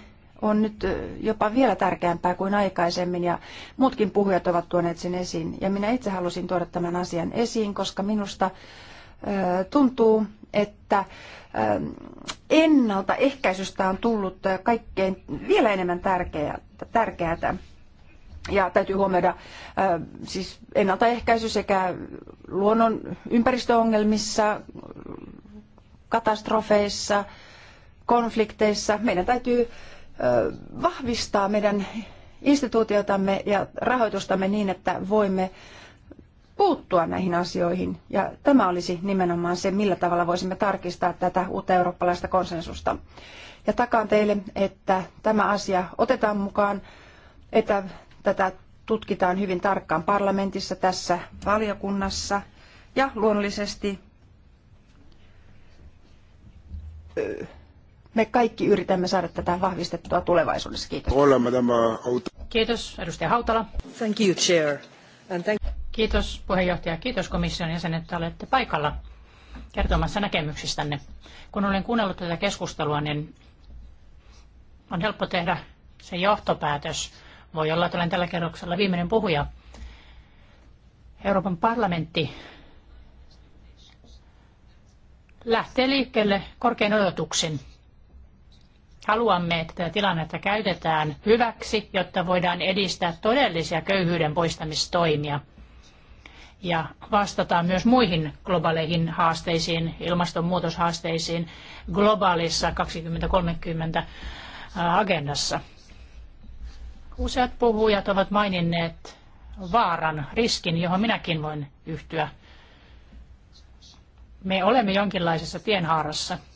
on nyt jopa vielä tärkeämpää kuin aikaisemmin ja muutkin puhujat ovat tuoneet sen esiin. Ja minä itse halusin tuoda tämän asian esiin, koska minusta tuntuu, että ennaltaehkäisystä on tullut kaikkein vielä enemmän tärkeää. tärkeää. Ja täytyy huomioida siis ennaltaehkäisy sekä luonnon ympäristöongelmissa, katastrofeissa – konflikteissa. Meidän täytyy vahvistaa meidän instituutiotamme ja rahoitustamme niin, että voimme puuttua näihin asioihin. Ja tämä olisi nimenomaan se, millä tavalla voisimme tarkistaa tätä uutta eurooppalaista konsensusta. Ja takaan teille, että tämä asia otetaan mukaan, että tätä tutkitaan hyvin tarkkaan parlamentissa, tässä valiokunnassa ja luonnollisesti me kaikki yritämme saada tätä vahvistettua tulevaisuudessa. Kiitos. Kiitos, edustaja Hautala. Thank you, chair. And thank... Kiitos puheenjohtaja, kiitos komission jäsen, että olette paikalla kertomassa näkemyksistänne. Kun olen kuunnellut tätä keskustelua, niin on helppo tehdä se johtopäätös. Voi olla, että olen tällä kerroksella viimeinen puhuja. Euroopan parlamentti lähtee liikkeelle korkein odotuksin. Haluamme, että tilannetta käytetään hyväksi, jotta voidaan edistää todellisia köyhyyden poistamistoimia ja vastata myös muihin globaaleihin haasteisiin, ilmastonmuutoshaasteisiin globaalissa 2030 äh, agendassa. Useat puhujat ovat maininneet vaaran, riskin, johon minäkin voin yhtyä. Me olemme jonkinlaisessa tienhaarassa –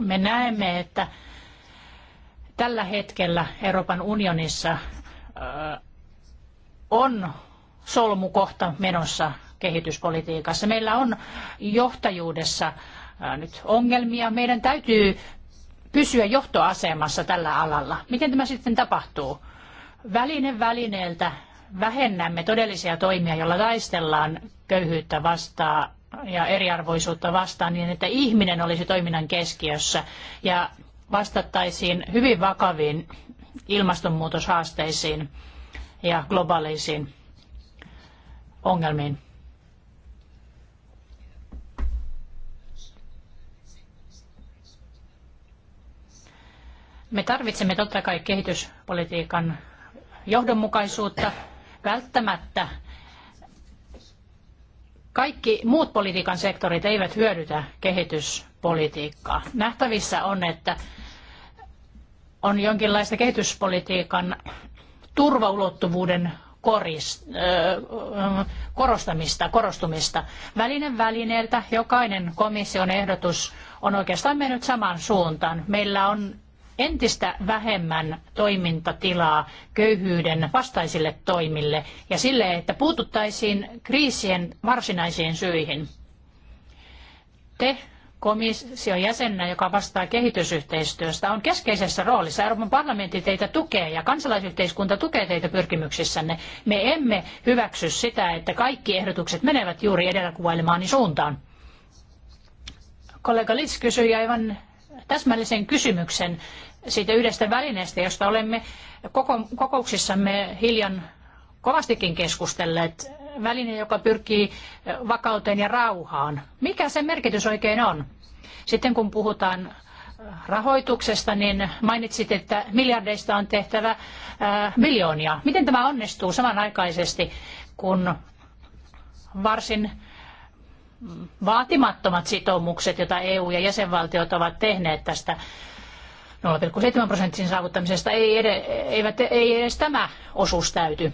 me näemme, että tällä hetkellä Euroopan unionissa on solmukohta menossa kehityspolitiikassa. Meillä on johtajuudessa nyt ongelmia. Meidän täytyy pysyä johtoasemassa tällä alalla. Miten tämä sitten tapahtuu? Väline välineeltä vähennämme todellisia toimia, joilla taistellaan köyhyyttä vastaan ja eriarvoisuutta vastaan niin, että ihminen olisi toiminnan keskiössä ja vastattaisiin hyvin vakaviin ilmastonmuutoshaasteisiin ja globaaleisiin ongelmiin. Me tarvitsemme totta kai kehityspolitiikan johdonmukaisuutta. Välttämättä kaikki muut politiikan sektorit eivät hyödytä kehityspolitiikkaa. Nähtävissä on, että on jonkinlaista kehityspolitiikan turvaulottuvuuden korostamista, korostumista. Välinen välineeltä jokainen komission ehdotus on oikeastaan mennyt samaan suuntaan. Meillä on entistä vähemmän toimintatilaa köyhyyden vastaisille toimille ja sille, että puututtaisiin kriisien varsinaisiin syihin. Te komission jäsenenä, joka vastaa kehitysyhteistyöstä, on keskeisessä roolissa. Euroopan parlamentti teitä tukee ja kansalaisyhteiskunta tukee teitä pyrkimyksissänne. Me emme hyväksy sitä, että kaikki ehdotukset menevät juuri edellä kuvailemaani suuntaan. Kollega Litz kysyi aivan täsmällisen kysymyksen siitä yhdestä välineestä, josta olemme koko, kokouksissamme hiljan kovastikin keskustelleet. Väline, joka pyrkii vakauteen ja rauhaan. Mikä sen merkitys oikein on? Sitten kun puhutaan rahoituksesta, niin mainitsit, että miljardeista on tehtävä ää, äh, biljoonia. Miten tämä onnistuu samanaikaisesti, kun varsin vaatimattomat sitoumukset, joita EU ja jäsenvaltiot ovat tehneet tästä 0,7 prosentin saavuttamisesta, ei, eivät, ei edes tämä osuus täyty.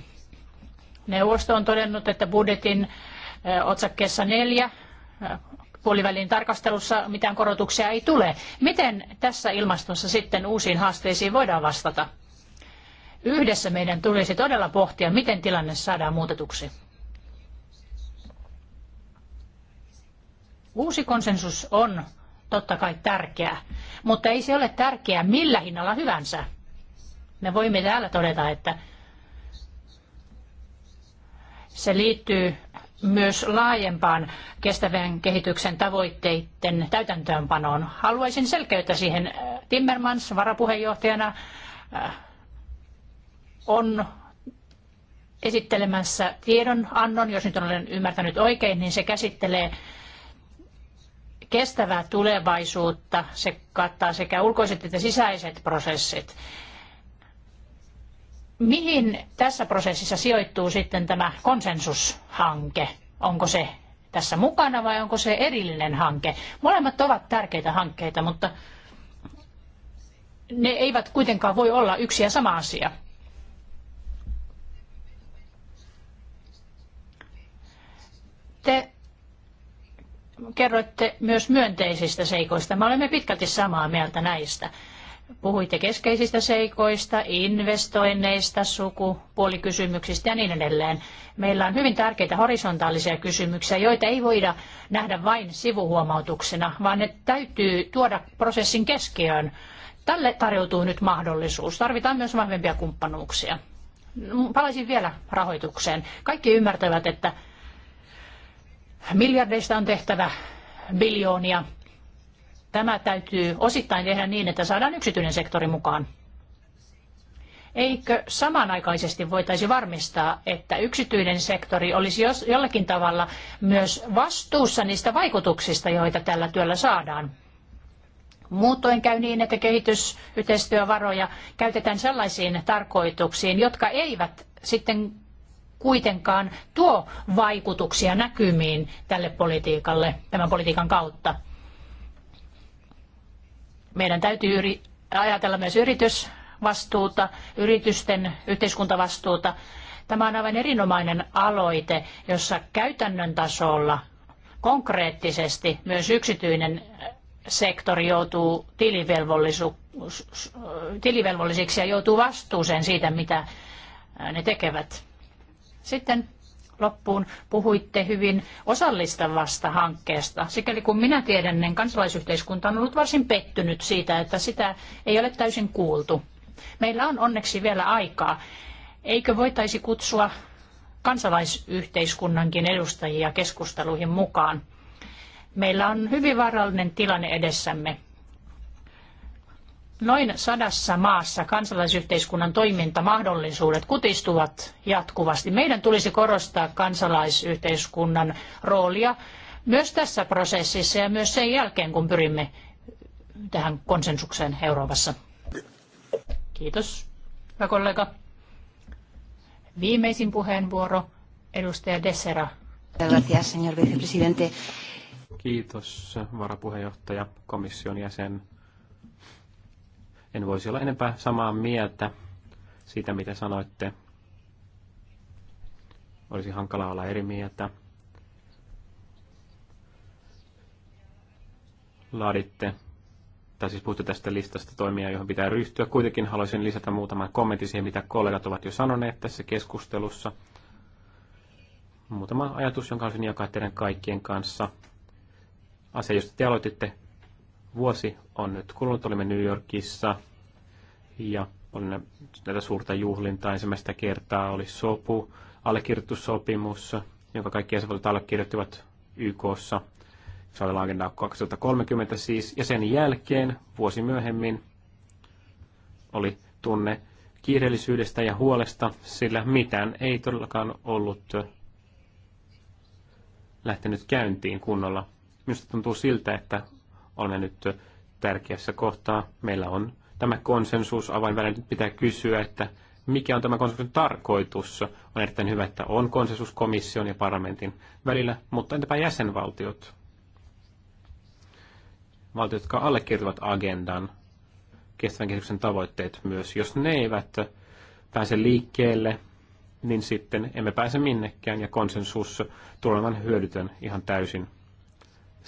Neuvosto on todennut, että budjetin eh, otsakkeessa neljä eh, puolivälin tarkastelussa mitään korotuksia ei tule. Miten tässä ilmastossa sitten uusiin haasteisiin voidaan vastata? Yhdessä meidän tulisi todella pohtia, miten tilanne saadaan muutetuksi. Uusi konsensus on totta kai tärkeä, mutta ei se ole tärkeää millä hinnalla hyvänsä. Me voimme täällä todeta, että se liittyy myös laajempaan kestävän kehityksen tavoitteiden täytäntöönpanoon. Haluaisin selkeyttä siihen. Timmermans varapuheenjohtajana äh, on esittelemässä tiedonannon, jos nyt olen ymmärtänyt oikein, niin se käsittelee kestävää tulevaisuutta. Se kattaa sekä ulkoiset että sisäiset prosessit. Mihin tässä prosessissa sijoittuu sitten tämä konsensushanke? Onko se tässä mukana vai onko se erillinen hanke? Molemmat ovat tärkeitä hankkeita, mutta ne eivät kuitenkaan voi olla yksi ja sama asia. Te kerroitte myös myönteisistä seikoista. Me olemme pitkälti samaa mieltä näistä. Puhuitte keskeisistä seikoista, investoinneista, sukupuolikysymyksistä ja niin edelleen. Meillä on hyvin tärkeitä horisontaalisia kysymyksiä, joita ei voida nähdä vain sivuhuomautuksena, vaan ne täytyy tuoda prosessin keskiöön. Tälle tarjoutuu nyt mahdollisuus. Tarvitaan myös vahvempia kumppanuuksia. Palaisin vielä rahoitukseen. Kaikki ymmärtävät, että Miljardeista on tehtävä biljoonia. Tämä täytyy osittain tehdä niin, että saadaan yksityinen sektori mukaan. Eikö samanaikaisesti voitaisi varmistaa, että yksityinen sektori olisi jos, jollakin tavalla myös vastuussa niistä vaikutuksista, joita tällä työllä saadaan? Muutoin käy niin, että kehitysyhteistyövaroja käytetään sellaisiin tarkoituksiin, jotka eivät sitten kuitenkaan tuo vaikutuksia näkymiin tälle politiikalle tämän politiikan kautta. Meidän täytyy ajatella myös yritysvastuuta, yritysten yhteiskuntavastuuta. Tämä on aivan erinomainen aloite, jossa käytännön tasolla konkreettisesti myös yksityinen äh, sektori joutuu tilivelvollisiksi ja joutuu vastuuseen siitä, mitä äh, ne tekevät. Sitten loppuun puhuitte hyvin osallistavasta hankkeesta. Sikäli kun minä tiedän, niin kansalaisyhteiskunta on ollut varsin pettynyt siitä, että sitä ei ole täysin kuultu. Meillä on onneksi vielä aikaa. Eikö voitaisi kutsua kansalaisyhteiskunnankin edustajia keskusteluihin mukaan? Meillä on hyvin vaarallinen tilanne edessämme. Noin sadassa maassa kansalaisyhteiskunnan toimintamahdollisuudet kutistuvat jatkuvasti. Meidän tulisi korostaa kansalaisyhteiskunnan roolia myös tässä prosessissa ja myös sen jälkeen, kun pyrimme tähän konsensukseen Euroopassa. Kiitos, hyvä kollega. Viimeisin puheenvuoro, edustaja Dessera. Gracias, señor vicepresidente. Kiitos, varapuheenjohtaja, komission jäsen. En voisi olla enempää samaa mieltä siitä, mitä sanoitte. Olisi hankala olla eri mieltä. Laaditte, tai siis puhutte tästä listasta toimia, johon pitää ryhtyä. Kuitenkin haluaisin lisätä muutaman kommentin siihen, mitä kollegat ovat jo sanoneet tässä keskustelussa. Muutama ajatus, jonka haluaisin jakaa teidän kaikkien kanssa. Asia, josta te aloititte, Vuosi on nyt kulunut, olimme New Yorkissa ja on näitä suurta juhlintaa. Ensimmäistä kertaa oli sopu, allekirjoitussopimus, jonka kaikki jäsenvaltiot allekirjoittivat YKssa. Se oli agenda 2030 siis. Ja sen jälkeen, vuosi myöhemmin, oli tunne kiireellisyydestä ja huolesta, sillä mitään ei todellakaan ollut lähtenyt käyntiin kunnolla. Minusta tuntuu siltä, että olemme nyt tärkeässä kohtaa. Meillä on tämä konsensus avainväline. Nyt pitää kysyä, että mikä on tämä konsensuksen tarkoitus. On erittäin hyvä, että on konsensus komission ja parlamentin välillä, mutta entäpä jäsenvaltiot? Valtiot, jotka allekirjoittavat agendan, kestävän kehityksen tavoitteet myös. Jos ne eivät pääse liikkeelle, niin sitten emme pääse minnekään ja konsensus tulee hyödytön ihan täysin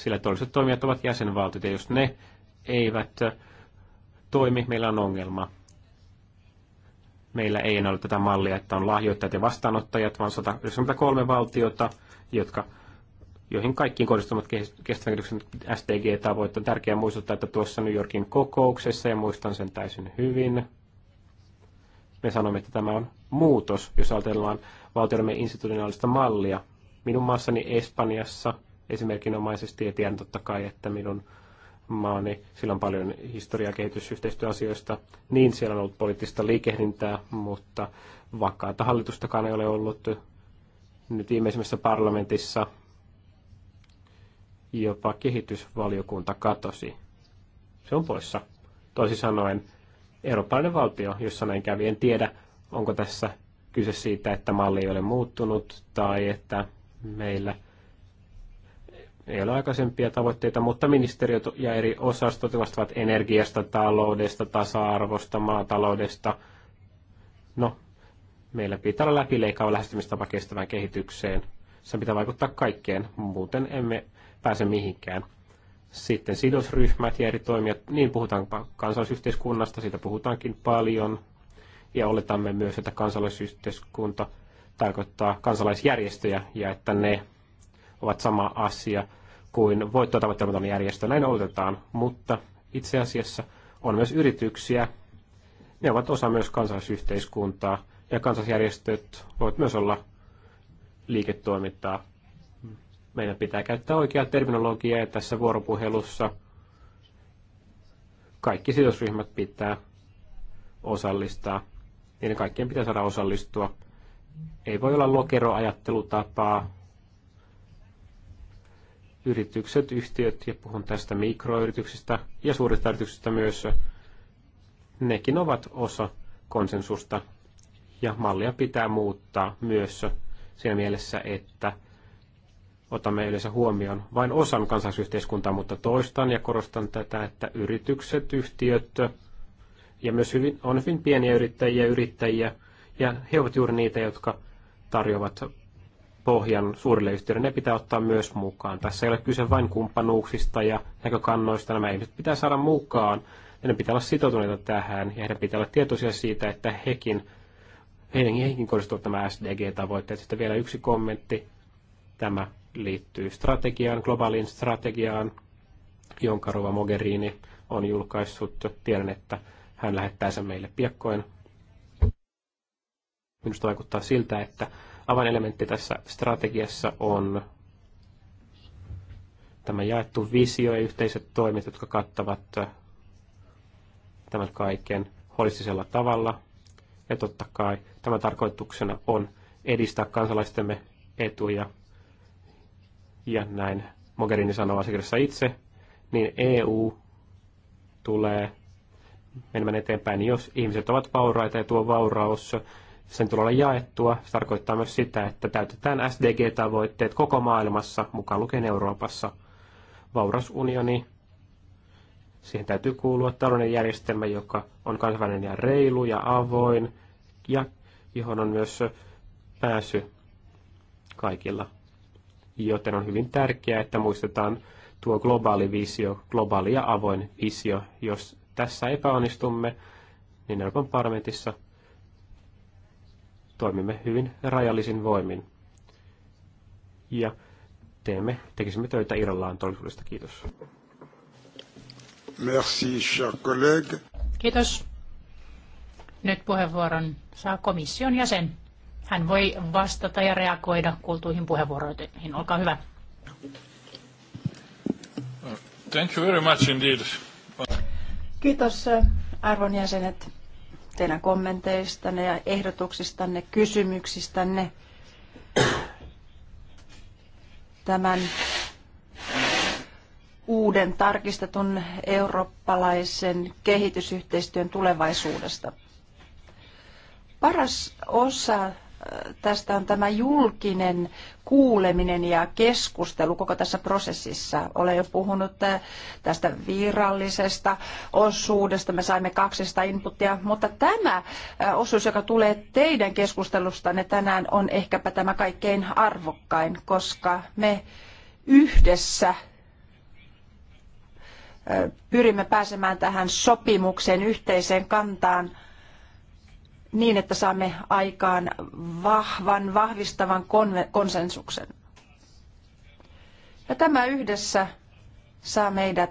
sillä todelliset toimijat ovat jäsenvaltiot, ja jos ne eivät äh, toimi, meillä on ongelma. Meillä ei enää ole tätä mallia, että on lahjoittajat ja vastaanottajat, vaan 193 valtiota, jotka, joihin kaikkiin kohdistumat kestävän kehityksen sdg tavoitteet on tärkeää muistuttaa, että tuossa New Yorkin kokouksessa, ja muistan sen täysin hyvin, me sanomme, että tämä on muutos, jos ajatellaan valtioidemme institutionaalista mallia. Minun maassani Espanjassa – esimerkinomaisesti ja tiedän totta kai, että minun maani, sillä on paljon historiaa kehitysyhteistyöasioista, niin siellä on ollut poliittista liikehdintää, mutta vakaata hallitustakaan ei ole ollut nyt viimeisimmässä parlamentissa. Jopa kehitysvaliokunta katosi. Se on poissa. Toisin sanoen, eurooppalainen valtio, jossa näin kävi, en tiedä, onko tässä kyse siitä, että malli ei ole muuttunut tai että meillä – ei ole aikaisempia tavoitteita, mutta ministeriöt ja eri osastot vastaavat energiasta, taloudesta, tasa-arvosta, maataloudesta. No, meillä pitää olla läpileikkaava lähestymistapa kestävään kehitykseen. Se pitää vaikuttaa kaikkeen, muuten emme pääse mihinkään. Sitten sidosryhmät ja eri toimijat, niin puhutaan kansalaisyhteiskunnasta, siitä puhutaankin paljon. Ja oletamme myös, että kansalaisyhteiskunta tarkoittaa kansalaisjärjestöjä ja että ne ovat sama asia kuin voittoa tavoittelematon järjestö. Näin oletetaan, mutta itse asiassa on myös yrityksiä. Ne ovat osa myös kansallisyhteiskuntaa ja kansallisjärjestöt voivat myös olla liiketoimintaa. Meidän pitää käyttää oikeaa terminologiaa tässä vuoropuhelussa kaikki sidosryhmät pitää osallistaa. Niiden kaikkien pitää saada osallistua. Ei voi olla lokeroajattelutapaa, yritykset, yhtiöt, ja puhun tästä mikroyrityksistä ja suurista yrityksistä myös, nekin ovat osa konsensusta ja mallia pitää muuttaa myös siinä mielessä, että otamme yleensä huomioon vain osan kansallisyhteiskuntaa, mutta toistan ja korostan tätä, että yritykset, yhtiöt ja myös hyvin, on hyvin pieniä yrittäjiä, yrittäjiä ja he ovat juuri niitä, jotka tarjoavat pohjan suurille yhtiöille, ne pitää ottaa myös mukaan. Tässä ei ole kyse vain kumppanuuksista ja näkökannoista, nämä ihmiset pitää saada mukaan. Ja ne pitää olla sitoutuneita tähän ja heidän pitää olla tietoisia siitä, että hekin, heidän, hekin kohdistuvat nämä SDG-tavoitteet. Sitten vielä yksi kommentti. Tämä liittyy strategiaan, globaaliin strategiaan, jonka Rova Mogherini on julkaissut. Tiedän, että hän lähettää sen meille piakkoin. Minusta vaikuttaa siltä, että avainelementti tässä strategiassa on tämä jaettu visio ja yhteiset toimet, jotka kattavat tämän kaiken holistisella tavalla. Ja totta kai tämä tarkoituksena on edistää kansalaistemme etuja. Ja näin Mogherini sanoo asiakirjassa itse, niin EU tulee menemään eteenpäin, jos ihmiset ovat vauraita ja tuo vauraus sen tulee olla jaettua. Se tarkoittaa myös sitä, että täytetään SDG-tavoitteet koko maailmassa, mukaan lukien Euroopassa. Vaurasunioni, siihen täytyy kuulua tällainen järjestelmä, joka on kansainvälinen ja reilu ja avoin, ja johon on myös pääsy kaikilla. Joten on hyvin tärkeää, että muistetaan tuo globaali visio, globaali ja avoin visio. Jos tässä epäonnistumme, niin Euroopan parlamentissa toimimme hyvin rajallisin voimin. Ja teemme, tekisimme töitä irrallaan todellisuudesta. Kiitos. Merci, cher collègue. Kiitos. Nyt puheenvuoron saa komission jäsen. Hän voi vastata ja reagoida kuultuihin puheenvuoroihin. Olkaa hyvä. Thank you very much indeed. Kiitos arvon jäsenet teidän kommenteistanne ja ehdotuksistanne, kysymyksistänne tämän uuden tarkistetun eurooppalaisen kehitysyhteistyön tulevaisuudesta. Paras osa tästä on tämä julkinen kuuleminen ja keskustelu koko tässä prosessissa. Olen jo puhunut eh, tästä virallisesta osuudesta, me saimme 200 inputtia, mutta tämä eh, osuus, joka tulee teidän keskustelustanne tänään, on ehkäpä tämä kaikkein arvokkain, koska me yhdessä eh, pyrimme pääsemään tähän sopimukseen, yhteiseen kantaan – niin, että saamme aikaan vahvan, vahvistavan konsensuksen. Ja tämä yhdessä saa meidät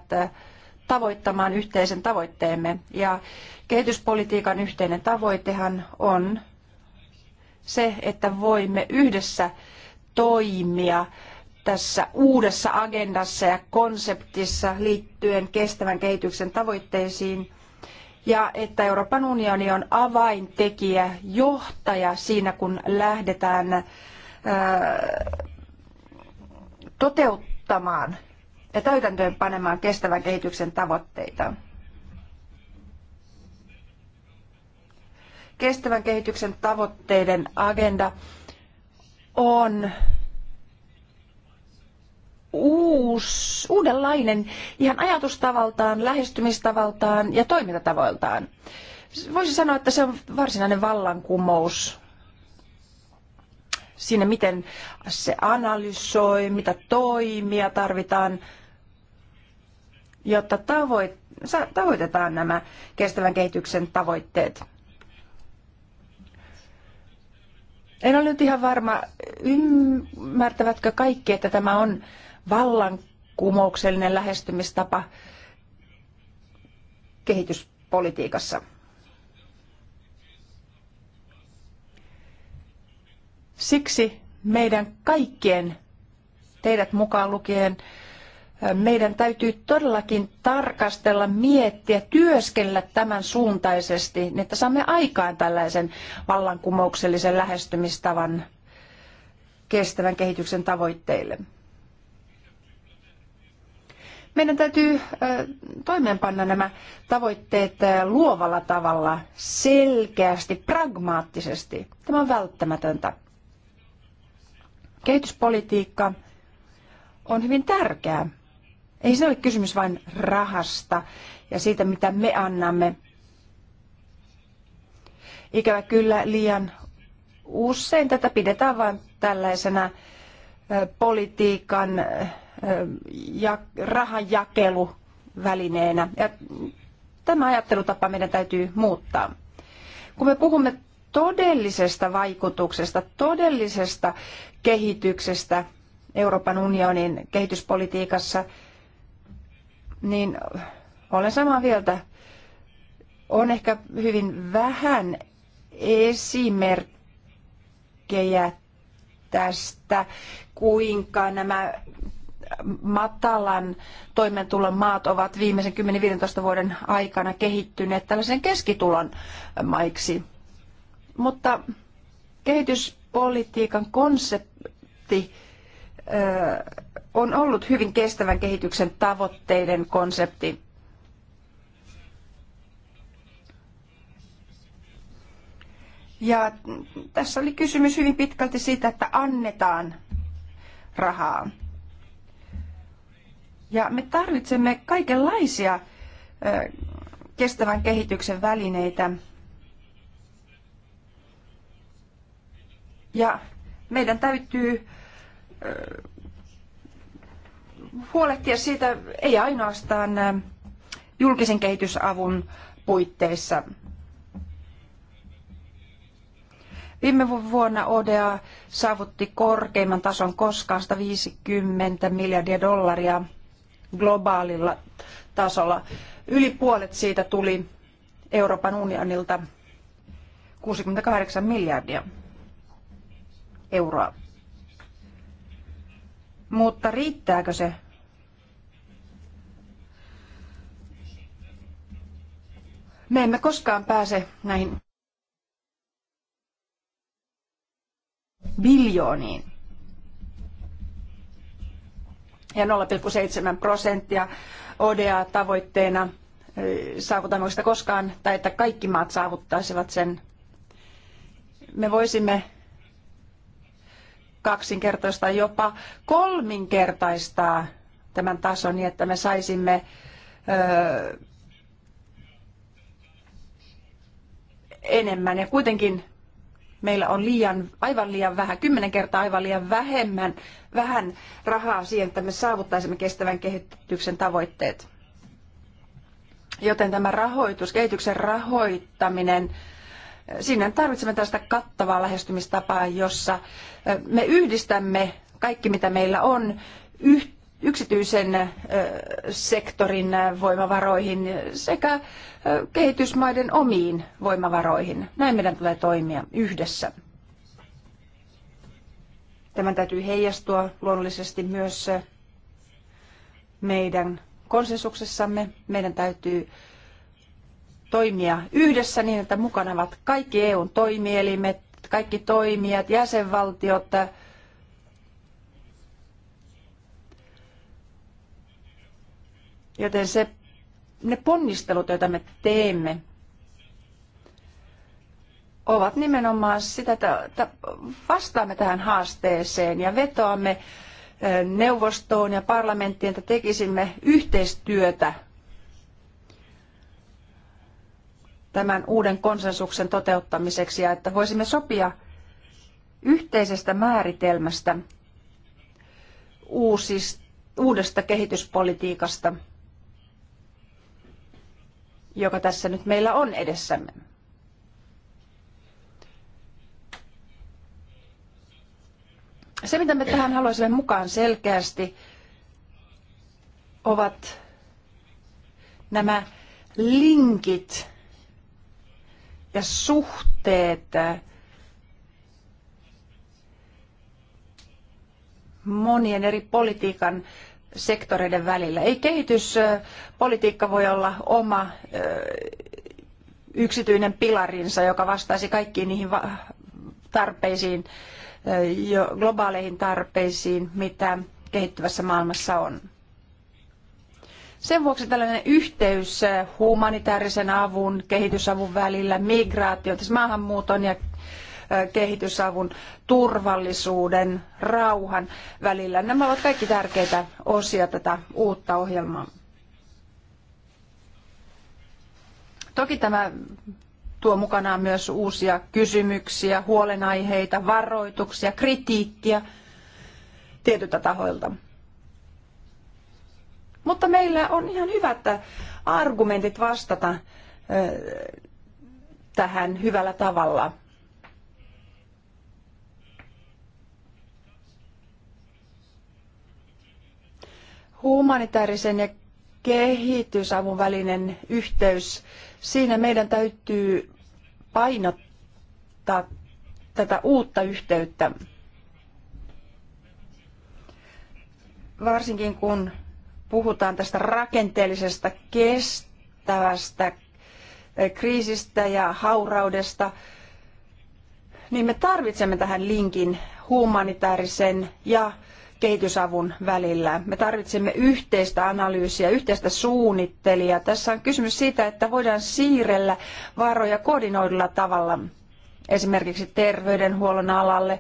tavoittamaan yhteisen tavoitteemme. Ja kehityspolitiikan yhteinen tavoitehan on se, että voimme yhdessä toimia tässä uudessa agendassa ja konseptissa liittyen kestävän kehityksen tavoitteisiin – ja että Euroopan unioni on avaintekijä, johtaja siinä, kun lähdetään toteuttamaan ja täytäntöön panemaan kestävän kehityksen tavoitteita. Kestävän kehityksen tavoitteiden agenda on uus, uudenlainen ihan ajatustavaltaan, lähestymistavaltaan ja toimintatavoiltaan. Voisi sanoa, että se on varsinainen vallankumous siinä, miten se analysoi, mitä toimia tarvitaan, jotta tavoitetaan nämä kestävän kehityksen tavoitteet. En ole nyt ihan varma, ymmärtävätkö kaikki, että tämä on vallankumouksellinen lähestymistapa kehityspolitiikassa. Siksi meidän kaikkien, teidät mukaan lukien, meidän täytyy todellakin tarkastella, miettiä, työskennellä tämän suuntaisesti, niin että saamme aikaan tällaisen vallankumouksellisen lähestymistavan kestävän kehityksen tavoitteille. Meidän täytyy toimeenpanna nämä tavoitteet luovalla tavalla, selkeästi, pragmaattisesti. Tämä on välttämätöntä. Kehityspolitiikka on hyvin tärkeää. Ei se ole kysymys vain rahasta ja siitä, mitä me annamme. Ikävä kyllä liian usein tätä pidetään vain tällaisena politiikan ja rahanjakelu välineenä. Ja tämä ajattelutapa meidän täytyy muuttaa. Kun me puhumme todellisesta vaikutuksesta, todellisesta kehityksestä Euroopan unionin kehityspolitiikassa, niin olen samaa mieltä. On ehkä hyvin vähän esimerkkejä tästä, kuinka nämä matalan toimeentulon maat ovat viimeisen 10-15 vuoden aikana kehittyneet tällaisen keskitulon maiksi. Mutta kehityspolitiikan konsepti on ollut hyvin kestävän kehityksen tavoitteiden konsepti. Ja tässä oli kysymys hyvin pitkälti siitä, että annetaan rahaa. Ja me tarvitsemme kaikenlaisia kestävän kehityksen välineitä. Ja meidän täytyy huolehtia siitä ei ainoastaan julkisen kehitysavun puitteissa. Viime vuonna ODA saavutti korkeimman tason koskaan 150 miljardia dollaria – globaalilla tasolla. Yli puolet siitä tuli Euroopan unionilta 68 miljardia euroa. Mutta riittääkö se? Me emme koskaan pääse näihin biljooniin ja 0,7 prosenttia ODA-tavoitteena saavutammeko sitä koskaan, tai että kaikki maat saavuttaisivat sen. Me voisimme kaksinkertaistaa, jopa kolminkertaistaa tämän tason niin, että me saisimme öö, enemmän. Ja kuitenkin meillä on liian, aivan liian vähän, kymmenen kertaa aivan liian vähemmän, vähän rahaa siihen, että me saavuttaisimme kestävän kehityksen tavoitteet. Joten tämä rahoitus, kehityksen rahoittaminen, sinne tarvitsemme tästä kattavaa lähestymistapaa, jossa me yhdistämme kaikki, mitä meillä on, yhteen yksityisen sektorin voimavaroihin sekä kehitysmaiden omiin voimavaroihin. Näin meidän tulee toimia yhdessä. Tämän täytyy heijastua luonnollisesti myös meidän konsensuksessamme. Meidän täytyy toimia yhdessä niin, että mukana ovat kaikki eu toimielimet, kaikki toimijat, jäsenvaltiot, Joten se, ne ponnistelut, joita me teemme, ovat nimenomaan sitä, että vastaamme tähän haasteeseen ja vetoamme neuvostoon ja parlamenttiin, että tekisimme yhteistyötä tämän uuden konsensuksen toteuttamiseksi ja että voisimme sopia yhteisestä määritelmästä uusista, uudesta kehityspolitiikasta – joka tässä nyt meillä on edessämme. Se, mitä me tähän haluaisimme mukaan selkeästi, ovat nämä linkit ja suhteet monien eri politiikan sektoreiden välillä. Ei kehityspolitiikka voi olla oma yksityinen pilarinsa, joka vastaisi kaikkiin niihin tarpeisiin, jo globaaleihin tarpeisiin, mitä kehittyvässä maailmassa on. Sen vuoksi tällainen yhteys humanitaarisen avun, kehitysavun välillä, migraation, siis maahanmuuton ja kehitysavun, turvallisuuden, rauhan välillä. Nämä ovat kaikki tärkeitä osia tätä uutta ohjelmaa. Toki tämä tuo mukanaan myös uusia kysymyksiä, huolenaiheita, varoituksia, kritiikkiä tietyltä tahoilta. Mutta meillä on ihan hyvät argumentit vastata tähän hyvällä tavalla. humanitaarisen ja kehitysavun välinen yhteys, siinä meidän täytyy painottaa tätä uutta yhteyttä. Varsinkin kun puhutaan tästä rakenteellisesta kestävästä eh, kriisistä ja hauraudesta, niin me tarvitsemme tähän linkin humanitaarisen ja kehitysavun välillä. Me tarvitsemme yhteistä analyysiä, yhteistä suunnittelijaa. Tässä on kysymys siitä, että voidaan siirrellä varoja koordinoidulla tavalla esimerkiksi terveydenhuollon alalle,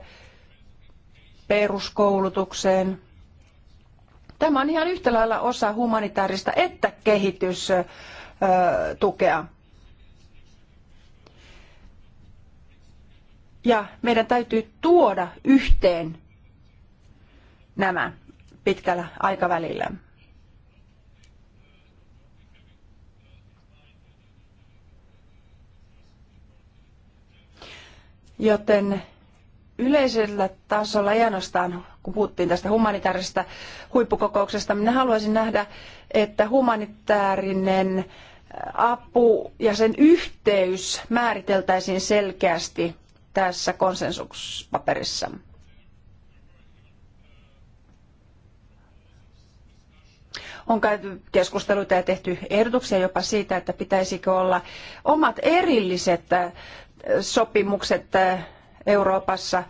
peruskoulutukseen. Tämä on ihan yhtä lailla osa humanitaarista että kehitystukea. Ja meidän täytyy tuoda yhteen nämä pitkällä aikavälillä. Joten yleisellä tasolla ei ainoastaan, kun puhuttiin tästä humanitaarisesta huippukokouksesta, minä haluaisin nähdä, että humanitaarinen apu ja sen yhteys määriteltäisiin selkeästi tässä konsensuspaperissa. On käyty keskusteluita ja tehty ehdotuksia jopa siitä, että pitäisikö olla omat erilliset äh, sopimukset äh, Euroopassa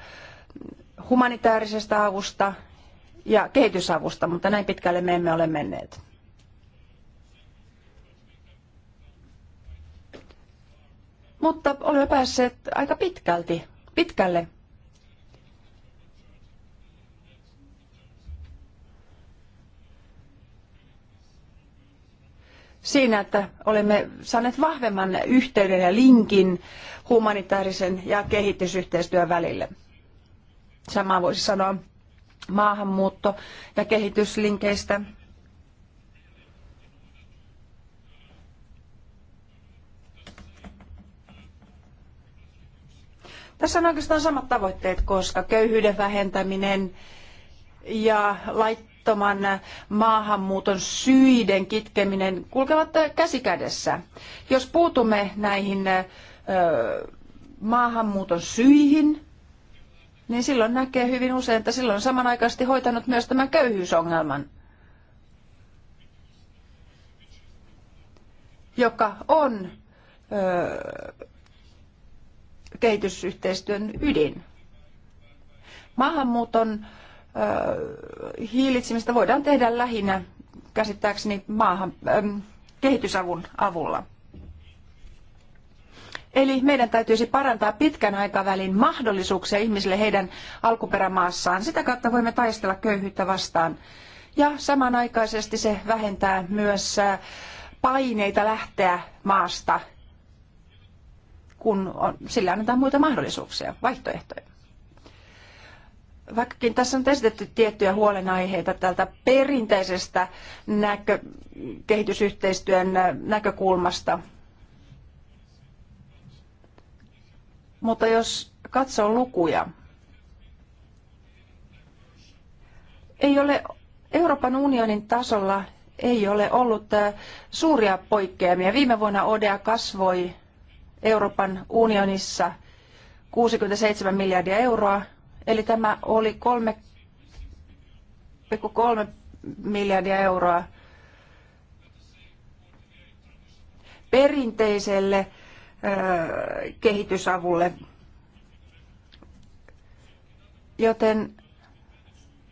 humanitaarisesta avusta ja kehitysavusta, mutta näin pitkälle me emme ole menneet. Mutta olemme päässeet aika pitkälti, pitkälle siinä, että olemme saaneet vahvemman yhteyden ja linkin humanitaarisen ja kehitysyhteistyön välille. Sama voisi sanoa maahanmuutto- ja kehityslinkeistä. Tässä on oikeastaan samat tavoitteet, koska köyhyyden vähentäminen ja lait, laittoman maahanmuuton syiden kitkeminen kulkevat käsikädessä. Jos puutumme näihin maahanmuuton syihin, niin silloin näkee hyvin usein, että silloin on samanaikaisesti hoitanut myös tämän köyhyysongelman, joka on kehitysyhteistyön ydin. Maahanmuuton hiilitsemistä voidaan tehdä lähinnä käsittääkseni maahan, kehitysavun avulla. Eli meidän täytyisi parantaa pitkän aikavälin mahdollisuuksia ihmisille heidän alkuperämaassaan. Sitä kautta voimme taistella köyhyyttä vastaan. Ja samanaikaisesti se vähentää myös paineita lähteä maasta, kun on, sillä annetaan muita mahdollisuuksia, vaihtoehtoja vaikkakin tässä on esitetty tiettyjä huolenaiheita tältä perinteisestä näkö, kehitysyhteistyön näkökulmasta. Mutta jos katsoo lukuja, ei ole Euroopan unionin tasolla ei ole ollut äh, suuria poikkeamia. Viime vuonna ODA kasvoi Euroopan unionissa 67 miljardia euroa Eli tämä oli 3,3 miljardia euroa perinteiselle kehitysavulle. Joten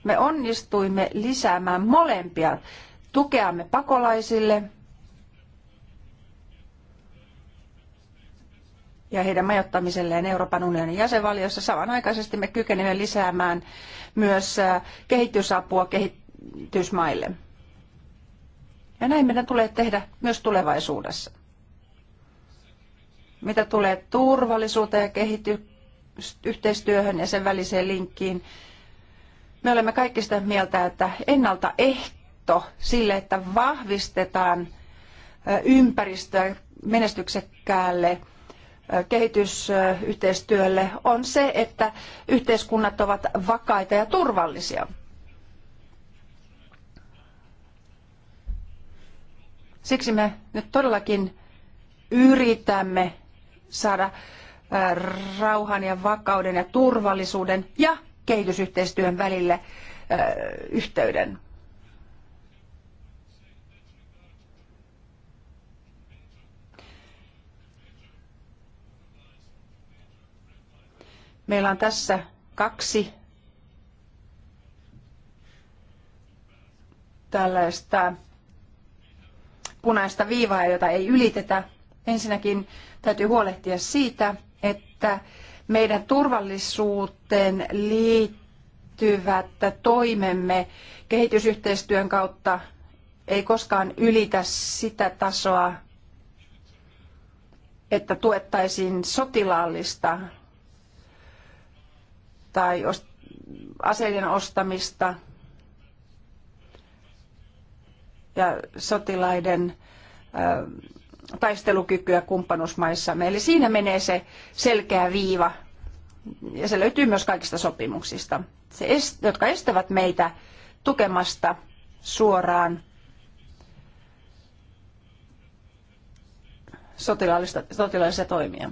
me onnistuimme lisäämään molempia tukeamme pakolaisille – ja heidän majoittamiselleen Euroopan unionin jäsenvaliossa. Samanaikaisesti me kykenemme lisäämään myös äh, kehitysapua kehitysmaille. Ja näin meidän tulee tehdä myös tulevaisuudessa. Mitä tulee turvallisuuteen ja kehitysyhteistyöhön ja sen väliseen linkkiin, me olemme kaikki sitä mieltä, että ennaltaehto sille, että vahvistetaan ympäristöä menestyksekkäälle kehitysyhteistyölle on se, että yhteiskunnat ovat vakaita ja turvallisia. Siksi me nyt todellakin yritämme saada rauhan ja vakauden ja turvallisuuden ja kehitysyhteistyön välille yhteyden. Meillä on tässä kaksi tällaista punaista viivaa, jota ei ylitetä. Ensinnäkin täytyy huolehtia siitä, että meidän turvallisuuteen liittyvät toimemme kehitysyhteistyön kautta ei koskaan ylitä sitä tasoa, että tuettaisiin sotilaallista tai aseiden ostamista ja sotilaiden taistelukykyä kumppanuusmaissamme. Eli siinä menee se selkeä viiva, ja se löytyy myös kaikista sopimuksista, se jotka estävät meitä tukemasta suoraan sotilaallisia toimia.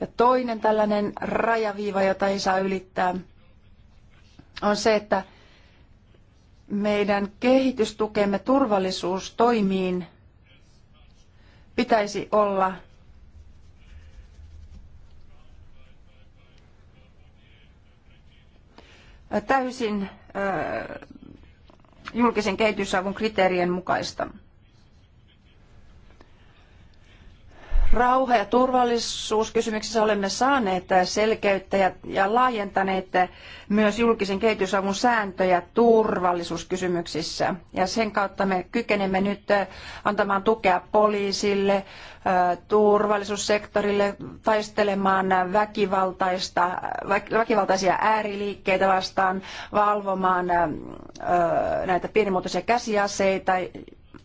Ja toinen tällainen rajaviiva, jota ei saa ylittää, on se, että meidän kehitystukemme turvallisuustoimiin pitäisi olla täysin julkisen kehitysavun kriteerien mukaista. rauha- ja turvallisuuskysymyksissä olemme saaneet selkeyttä ja, laajentaneet myös julkisen kehitysavun sääntöjä turvallisuuskysymyksissä. Ja sen kautta me kykenemme nyt antamaan tukea poliisille, turvallisuussektorille, taistelemaan väkivaltaista, väkivaltaisia ääriliikkeitä vastaan, valvomaan näitä pienimuotoisia käsiaseita.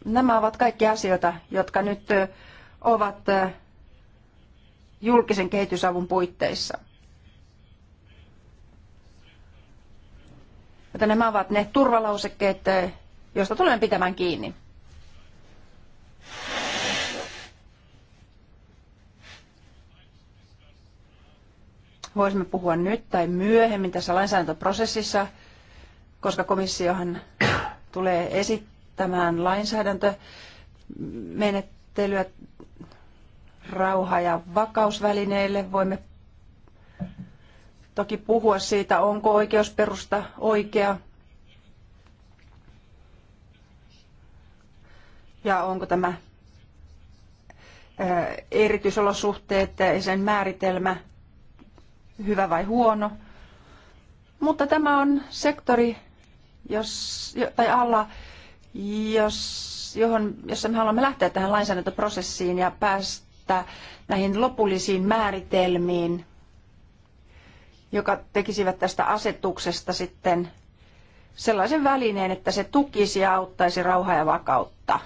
Nämä ovat kaikki asioita, jotka nyt ovat julkisen kehitysavun puitteissa. Mutta nämä ovat ne turvalausekkeet, joista tulemme pitämään kiinni. Voisimme puhua nyt tai myöhemmin tässä lainsäädäntöprosessissa, koska komissiohan tulee esittämään lainsäädäntömenettelyä rauha- ja vakausvälineille. Voimme toki puhua siitä, onko oikeusperusta oikea ja onko tämä eh, erityisolosuhteet ja sen määritelmä hyvä vai huono. Mutta tämä on sektori jos, tai alla, jos, johon, jossa me haluamme lähteä tähän lainsäädäntöprosessiin ja päästä että näihin lopullisiin määritelmiin, joka tekisivät tästä asetuksesta sitten sellaisen välineen, että se tukisi ja auttaisi rauhaa ja vakautta.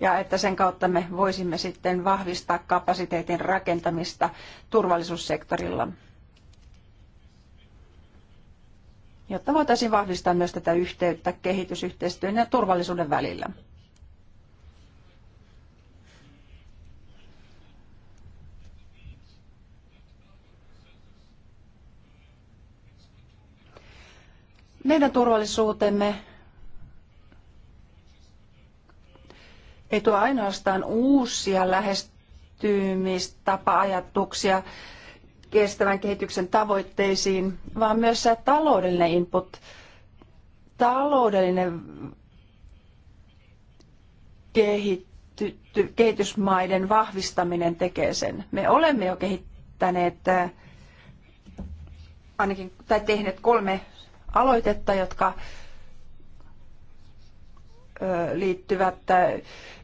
ja että sen kautta me voisimme sitten vahvistaa kapasiteetin rakentamista turvallisuussektorilla. jotta voitaisiin vahvistaa myös tätä yhteyttä kehitysyhteistyön ja turvallisuuden välillä. Meidän turvallisuutemme ei tuo ainoastaan uusia lähestymistapa-ajatuksia, kestävän kehityksen tavoitteisiin, vaan myös taloudellinen input, taloudellinen kehitty, kehitysmaiden vahvistaminen tekee sen. Me olemme jo kehittäneet äh, ainakin tai tehneet kolme aloitetta, jotka liittyvät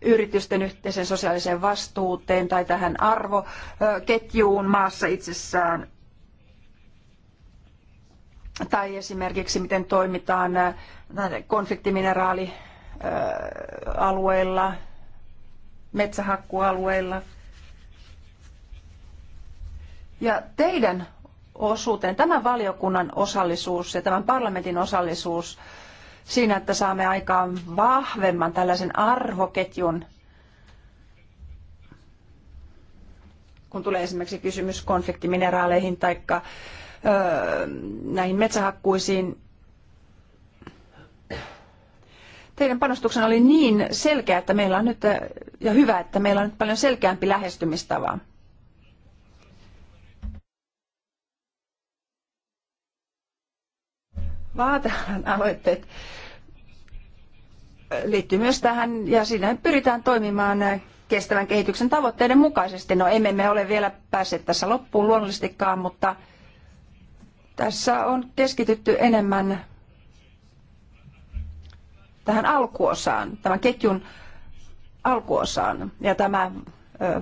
yritysten yhteisen sosiaaliseen vastuuteen tai tähän arvoketjuun maassa itsessään. Tai esimerkiksi miten toimitaan konfliktimineraalialueilla, metsähakkualueilla. Ja teidän osuuteen, tämän valiokunnan osallisuus ja tämän parlamentin osallisuus siinä, että saamme aikaan vahvemman tällaisen arvoketjun, kun tulee esimerkiksi kysymys konfliktimineraaleihin tai näihin metsähakkuisiin. Teidän panostuksen oli niin selkeä, että meillä on nyt, ja hyvä, että meillä on nyt paljon selkeämpi lähestymistava. Vaatealan aloitteet liittyy myös tähän ja siinä pyritään toimimaan kestävän kehityksen tavoitteiden mukaisesti. No emme me ole vielä päässeet tässä loppuun luonnollistikaan, mutta tässä on keskitytty enemmän tähän alkuosaan, tämän ketjun alkuosaan. Ja tämä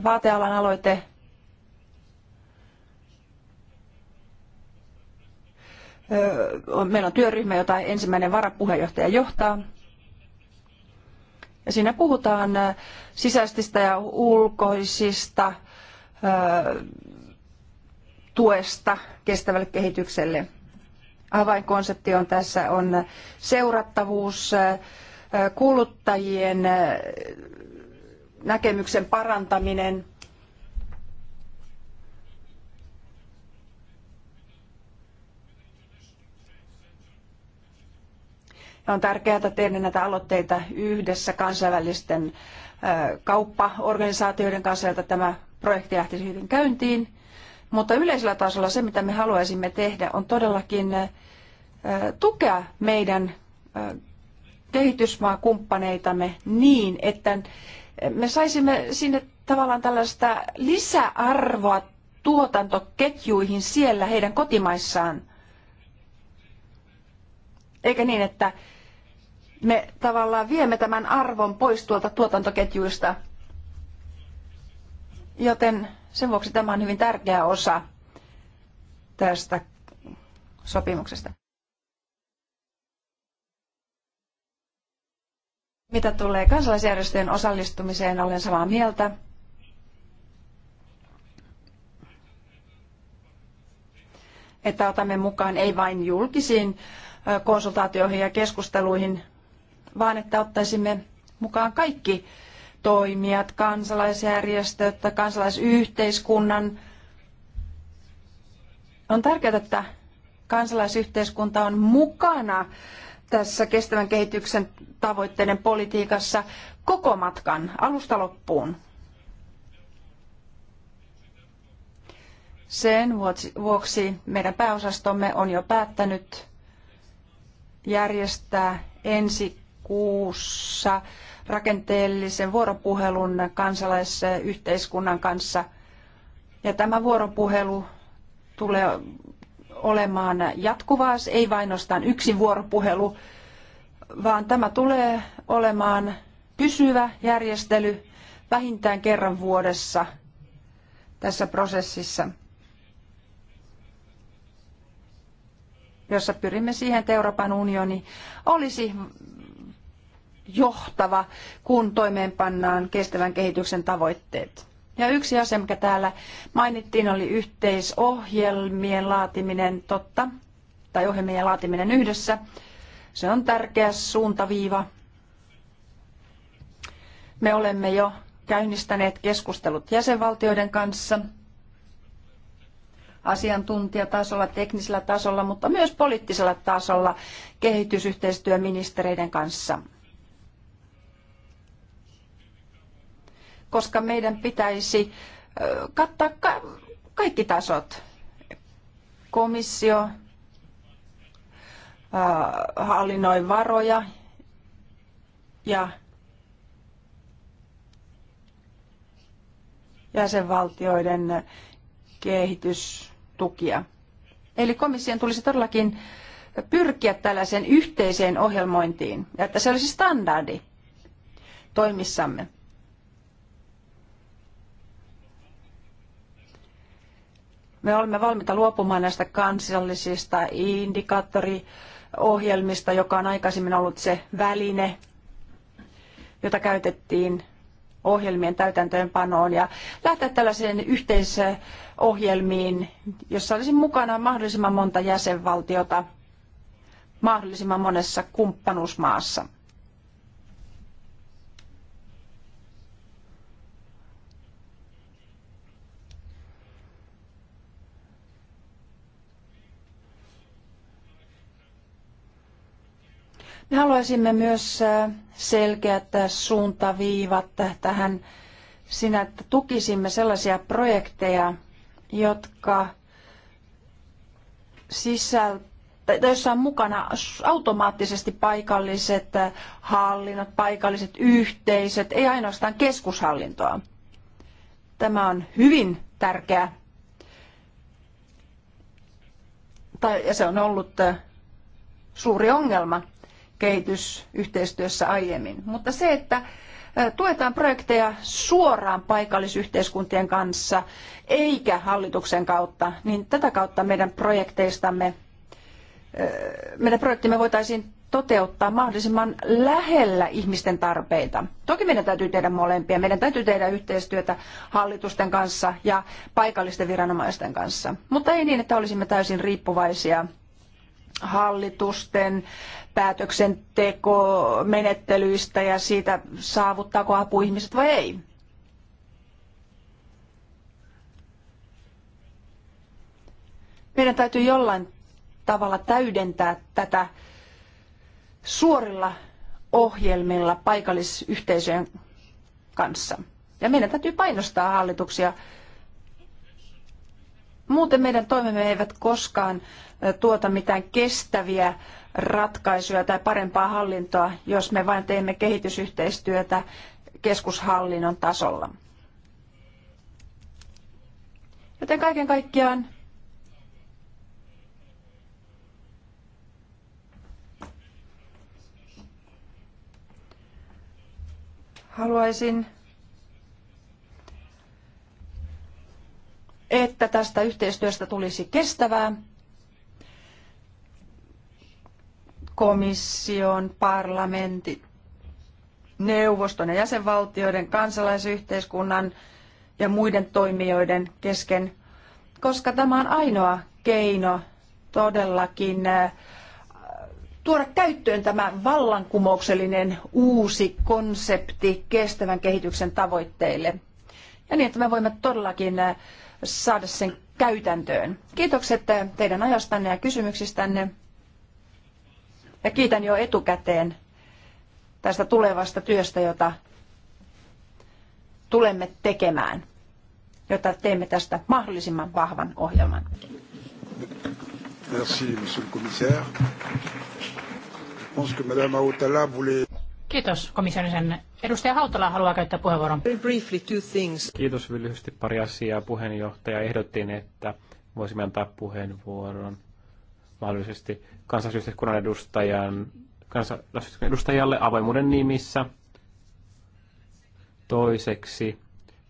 vaatealan aloite Meillä on työryhmä, jota ensimmäinen varapuheenjohtaja johtaa. Ja siinä puhutaan sisäististä ja ulkoisista tuesta kestävälle kehitykselle. Avainkonsepti on tässä on seurattavuus, kuluttajien näkemyksen parantaminen – Ja on tärkeää että teemme näitä aloitteita yhdessä kansainvälisten kauppaorganisaatioiden kanssa, jotta tämä projekti lähtisi hyvin käyntiin. Mutta yleisellä tasolla se, mitä me haluaisimme tehdä, on todellakin tukea meidän kehitysmaakumppaneitamme niin, että me saisimme sinne tavallaan tällaista lisäarvoa tuotantoketjuihin siellä heidän kotimaissaan. Eikä niin, että me tavallaan viemme tämän arvon pois tuolta tuotantoketjuista. Joten sen vuoksi tämä on hyvin tärkeä osa tästä sopimuksesta. Mitä tulee kansalaisjärjestöjen osallistumiseen, olen samaa mieltä. että otamme mukaan ei vain julkisiin konsultaatioihin ja keskusteluihin, vaan että ottaisimme mukaan kaikki toimijat, kansalaisjärjestöt, kansalaisyhteiskunnan. On tärkeää, että kansalaisyhteiskunta on mukana tässä kestävän kehityksen tavoitteiden politiikassa koko matkan alusta loppuun. Sen vuoksi meidän pääosastomme on jo päättänyt järjestää ensi kuussa rakenteellisen vuoropuhelun kansalaisyhteiskunnan kanssa. Ja tämä vuoropuhelu tulee olemaan jatkuvaa, ei vain yksi vuoropuhelu, vaan tämä tulee olemaan pysyvä järjestely vähintään kerran vuodessa tässä prosessissa, jossa pyrimme siihen, että Euroopan unioni olisi johtava, kun toimeenpannaan kestävän kehityksen tavoitteet. Ja yksi asia, mikä täällä mainittiin, oli yhteisohjelmien laatiminen, totta, tai ohjelmien laatiminen yhdessä. Se on tärkeä suuntaviiva. Me olemme jo käynnistäneet keskustelut jäsenvaltioiden kanssa asiantuntijatasolla, teknisellä tasolla, mutta myös poliittisella tasolla kehitysyhteistyöministereiden kanssa – koska meidän pitäisi kattaa kaikki tasot. Komissio hallinnoi varoja ja jäsenvaltioiden kehitystukia. Eli komission tulisi todellakin pyrkiä tällaiseen yhteiseen ohjelmointiin, ja että se olisi standardi toimissamme. Me olemme valmiita luopumaan näistä kansallisista indikaattoriohjelmista, joka on aikaisemmin ollut se väline, jota käytettiin ohjelmien täytäntöönpanoon ja lähteä tällaiseen yhteisohjelmiin, jossa olisi mukana mahdollisimman monta jäsenvaltiota mahdollisimman monessa kumppanuusmaassa. Me haluaisimme myös äh, selkeät äh, suuntaviivat tähän sinä, että tukisimme sellaisia projekteja, jotka sisältävät joissa on mukana automaattisesti paikalliset äh, hallinnot, paikalliset yhteisöt, ei ainoastaan keskushallintoa. Tämä on hyvin tärkeä tai, ja se on ollut suuri ongelma kehitysyhteistyössä aiemmin. Mutta se, että tuetaan projekteja suoraan paikallisyhteiskuntien kanssa eikä hallituksen kautta, niin tätä kautta meidän projekteistamme, meidän projektimme voitaisiin toteuttaa mahdollisimman lähellä ihmisten tarpeita. Toki meidän täytyy tehdä molempia. Meidän täytyy tehdä yhteistyötä hallitusten kanssa ja paikallisten viranomaisten kanssa, mutta ei niin, että olisimme täysin riippuvaisia hallitusten päätöksentekomenettelyistä ja siitä saavuttaako apu ihmiset vai ei. Meidän täytyy jollain tavalla täydentää tätä suorilla ohjelmilla paikallisyhteisöjen kanssa. Ja meidän täytyy painostaa hallituksia. Muuten meidän toimemme eivät koskaan tuota mitään kestäviä ratkaisuja tai parempaa hallintoa, jos me vain teemme kehitysyhteistyötä keskushallinnon tasolla. Joten kaiken kaikkiaan haluaisin, että tästä yhteistyöstä tulisi kestävää komission, parlamentin, neuvoston ja jäsenvaltioiden, kansalaisyhteiskunnan ja muiden toimijoiden kesken, koska tämä on ainoa keino todellakin äh, tuoda käyttöön tämä vallankumouksellinen uusi konsepti kestävän kehityksen tavoitteille. Ja niin, että me voimme todellakin äh, saada sen käytäntöön. Kiitokset äh, teidän ajastanne ja kysymyksistänne. Ja kiitän jo etukäteen tästä tulevasta työstä, jota tulemme tekemään, jota teemme tästä mahdollisimman vahvan ohjelman. Merci, monsieur le commissaire. pense que madame Hautala voulait... Kiitos komissaarisen. Edustaja Hautala haluaa käyttää puheenvuoron. Briefly, two things. Kiitos lyhyesti pari asiaa. Puheenjohtaja ehdottiin, että voisimme antaa puheenvuoron mahdollisesti kansallisyhteiskunnan edustajan, kansallisyhteiskunnan edustajalle avoimuuden nimissä. Toiseksi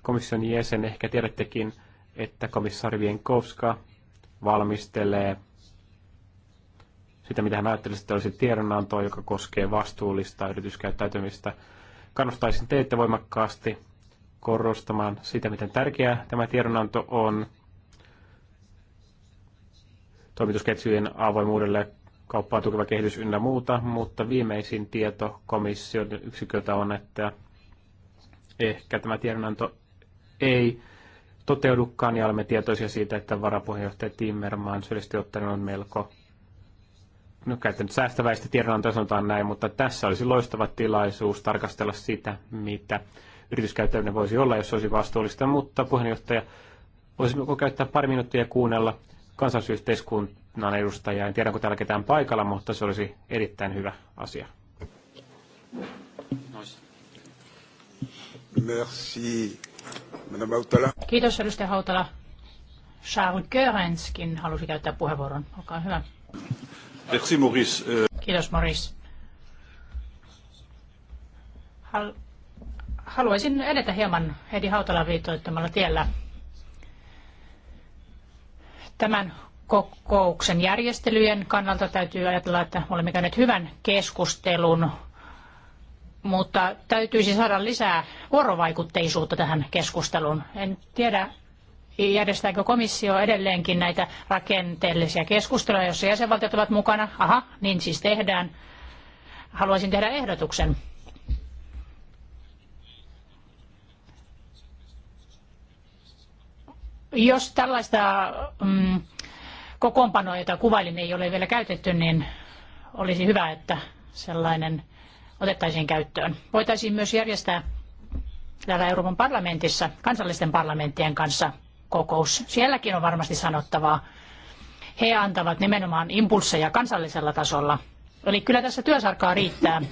komission jäsen ehkä tiedättekin, että komissaari Vienkovska valmistelee sitä, mitä hän ajattelee, että olisi tiedonantoa, joka koskee vastuullista yrityskäyttäytymistä. Kannustaisin teitä voimakkaasti korostamaan sitä, miten tärkeää tämä tiedonanto on toimitusketjujen avoimuudelle, kauppaa tukeva kehitys ynnä muuta, mutta viimeisin tieto komission yksiköltä on, että ehkä tämä tiedonanto ei toteudukaan, ja olemme tietoisia siitä, että varapuheenjohtaja Timmermans yleisesti ottaen on melko no, käyttänyt säästäväistä tiedonantoa, sanotaan näin, mutta tässä olisi loistava tilaisuus tarkastella sitä, mitä yrityskäyttäminen voisi olla, jos se olisi vastuullista, mutta puheenjohtaja, voisimmeko käyttää pari minuuttia ja kuunnella kansallisyhteiskunnan edustajia. En tiedä, onko täällä ketään paikalla, mutta se olisi erittäin hyvä asia. Merci. Madame Hautala. Kiitos, edustaja Hautala. Charles Görenskin halusi käyttää puheenvuoron. Olkaa hyvä. Merci, Maurice. Euh, Kiitos, Maurice. Hal- haluaisin edetä hieman Heidi Hautala viitoittamalla tiellä. Tämän kokouksen järjestelyjen kannalta täytyy ajatella, että olemme käyneet hyvän keskustelun, mutta täytyisi saada lisää vuorovaikutteisuutta tähän keskusteluun. En tiedä, järjestääkö komissio edelleenkin näitä rakenteellisia keskusteluja, jossa jäsenvaltiot ovat mukana. Aha, niin siis tehdään. Haluaisin tehdä ehdotuksen. Jos tällaista mm, kokoonpanoa, jota kuvailin, ei ole vielä käytetty, niin olisi hyvä, että sellainen otettaisiin käyttöön. Voitaisiin myös järjestää täällä Euroopan parlamentissa kansallisten parlamenttien kanssa kokous. Sielläkin on varmasti sanottavaa. He antavat nimenomaan impulsseja kansallisella tasolla. Eli kyllä tässä työsarkaa riittää.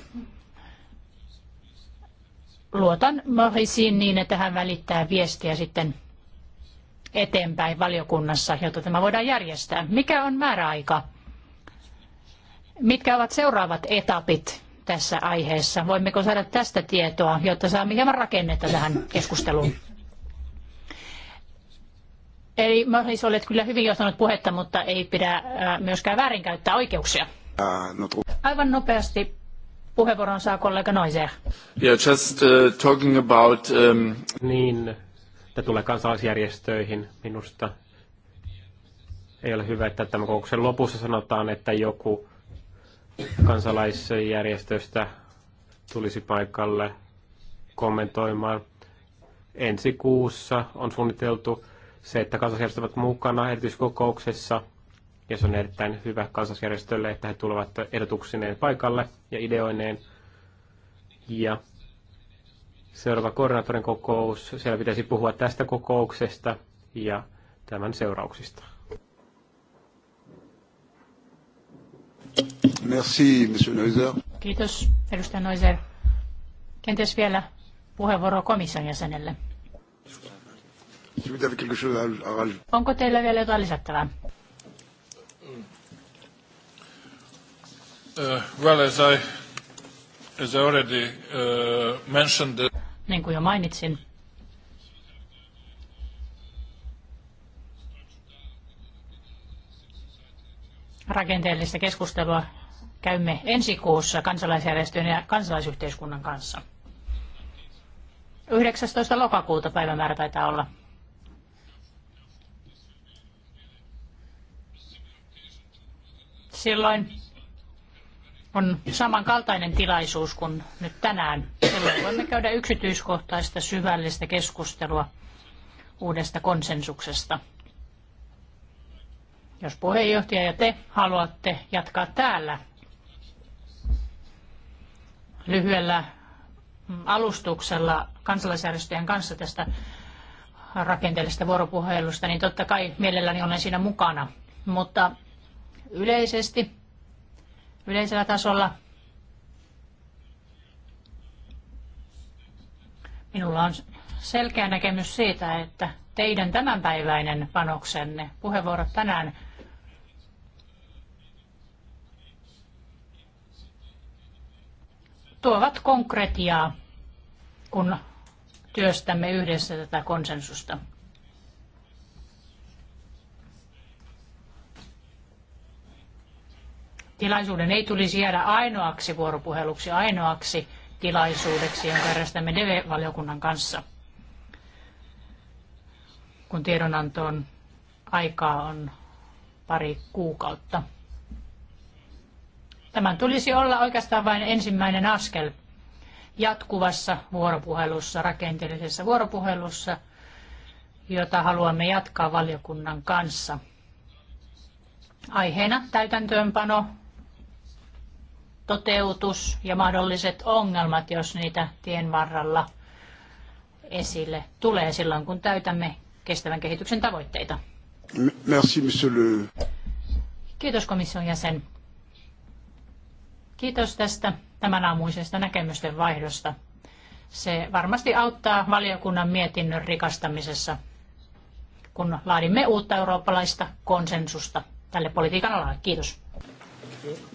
Luotan Mauriciin niin, että hän välittää viestiä sitten eteenpäin valiokunnassa, jotta tämä voidaan järjestää. Mikä on määräaika? Mitkä ovat seuraavat etapit tässä aiheessa? Voimmeko saada tästä tietoa, jotta saamme hieman rakennetta tähän keskusteluun? Eli Maris, olet kyllä hyvin johtanut puhetta, mutta ei pidä äh, myöskään väärinkäyttää oikeuksia. Aivan nopeasti puheenvuoron saa kollega Noiser. Yeah, just uh, talking about... Um... Niin, että tulee kansalaisjärjestöihin minusta. Ei ole hyvä, että tämän kokouksen lopussa sanotaan, että joku kansalaisjärjestöstä tulisi paikalle kommentoimaan. Ensi kuussa on suunniteltu se, että kansalaisjärjestöt ovat mukana erityiskokouksessa, ja se on erittäin hyvä kansalaisjärjestölle, että he tulevat ehdotuksineen paikalle ja ideoineen. Ja seuraava koordinaattorin kokous. Siellä pitäisi puhua tästä kokouksesta ja tämän seurauksista. Merci, Monsieur Neuser. Kiitos, edustaja Noiser. Kenties vielä puheenvuoro komission jäsenelle. Onko teillä vielä jotain lisättävää? Uh, well, as I as I already uh, mentioned, niin kuin jo mainitsin, rakenteellista keskustelua käymme ensi kuussa kansalaisjärjestöjen ja kansalaisyhteiskunnan kanssa. 19. lokakuuta päivämäärä taitaa olla. Silloin on samankaltainen tilaisuus kuin nyt tänään. Silloin voimme käydä yksityiskohtaista syvällistä keskustelua uudesta konsensuksesta. Jos puheenjohtaja ja te haluatte jatkaa täällä lyhyellä alustuksella kansalaisjärjestöjen kanssa tästä rakenteellisesta vuoropuhelusta, niin totta kai mielelläni olen siinä mukana. Mutta yleisesti yleisellä tasolla. Minulla on selkeä näkemys siitä, että teidän tämänpäiväinen panoksenne, puheenvuorot tänään, tuovat konkretiaa, kun työstämme yhdessä tätä konsensusta. tilaisuuden ei tulisi jäädä ainoaksi vuoropuheluksi, ainoaksi tilaisuudeksi, jonka järjestämme DV-valiokunnan kanssa. Kun tiedonantoon aikaa on pari kuukautta. Tämän tulisi olla oikeastaan vain ensimmäinen askel jatkuvassa vuoropuhelussa, rakenteellisessa vuoropuhelussa, jota haluamme jatkaa valiokunnan kanssa. Aiheena täytäntöönpano toteutus ja mahdolliset ongelmat, jos niitä tien varrella esille tulee silloin, kun täytämme kestävän kehityksen tavoitteita. Merci, monsieur le... Kiitos komission jäsen. Kiitos tästä tämän aamuisesta näkemysten vaihdosta. Se varmasti auttaa valiokunnan mietinnön rikastamisessa, kun laadimme uutta eurooppalaista konsensusta tälle politiikan alalle. Kiitos. Kiitos.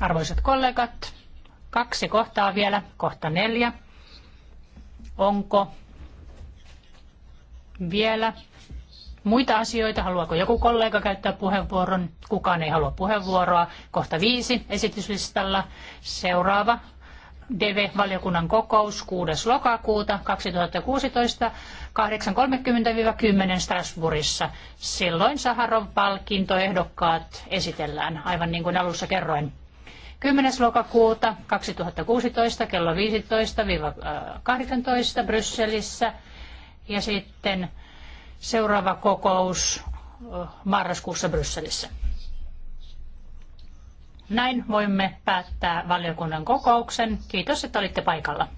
Arvoisat kollegat, kaksi kohtaa vielä, kohta neljä. Onko vielä muita asioita? Haluaako joku kollega käyttää puheenvuoron? Kukaan ei halua puheenvuoroa. Kohta viisi esityslistalla. Seuraava DV-valiokunnan kokous 6. lokakuuta 2016 8.30-10 Strasbourgissa. Silloin Saharov-palkintoehdokkaat esitellään, aivan niin kuin alussa kerroin. 10. lokakuuta 2016 kello 15-18 Brysselissä ja sitten seuraava kokous marraskuussa Brysselissä. Näin voimme päättää valiokunnan kokouksen. Kiitos, että olitte paikalla.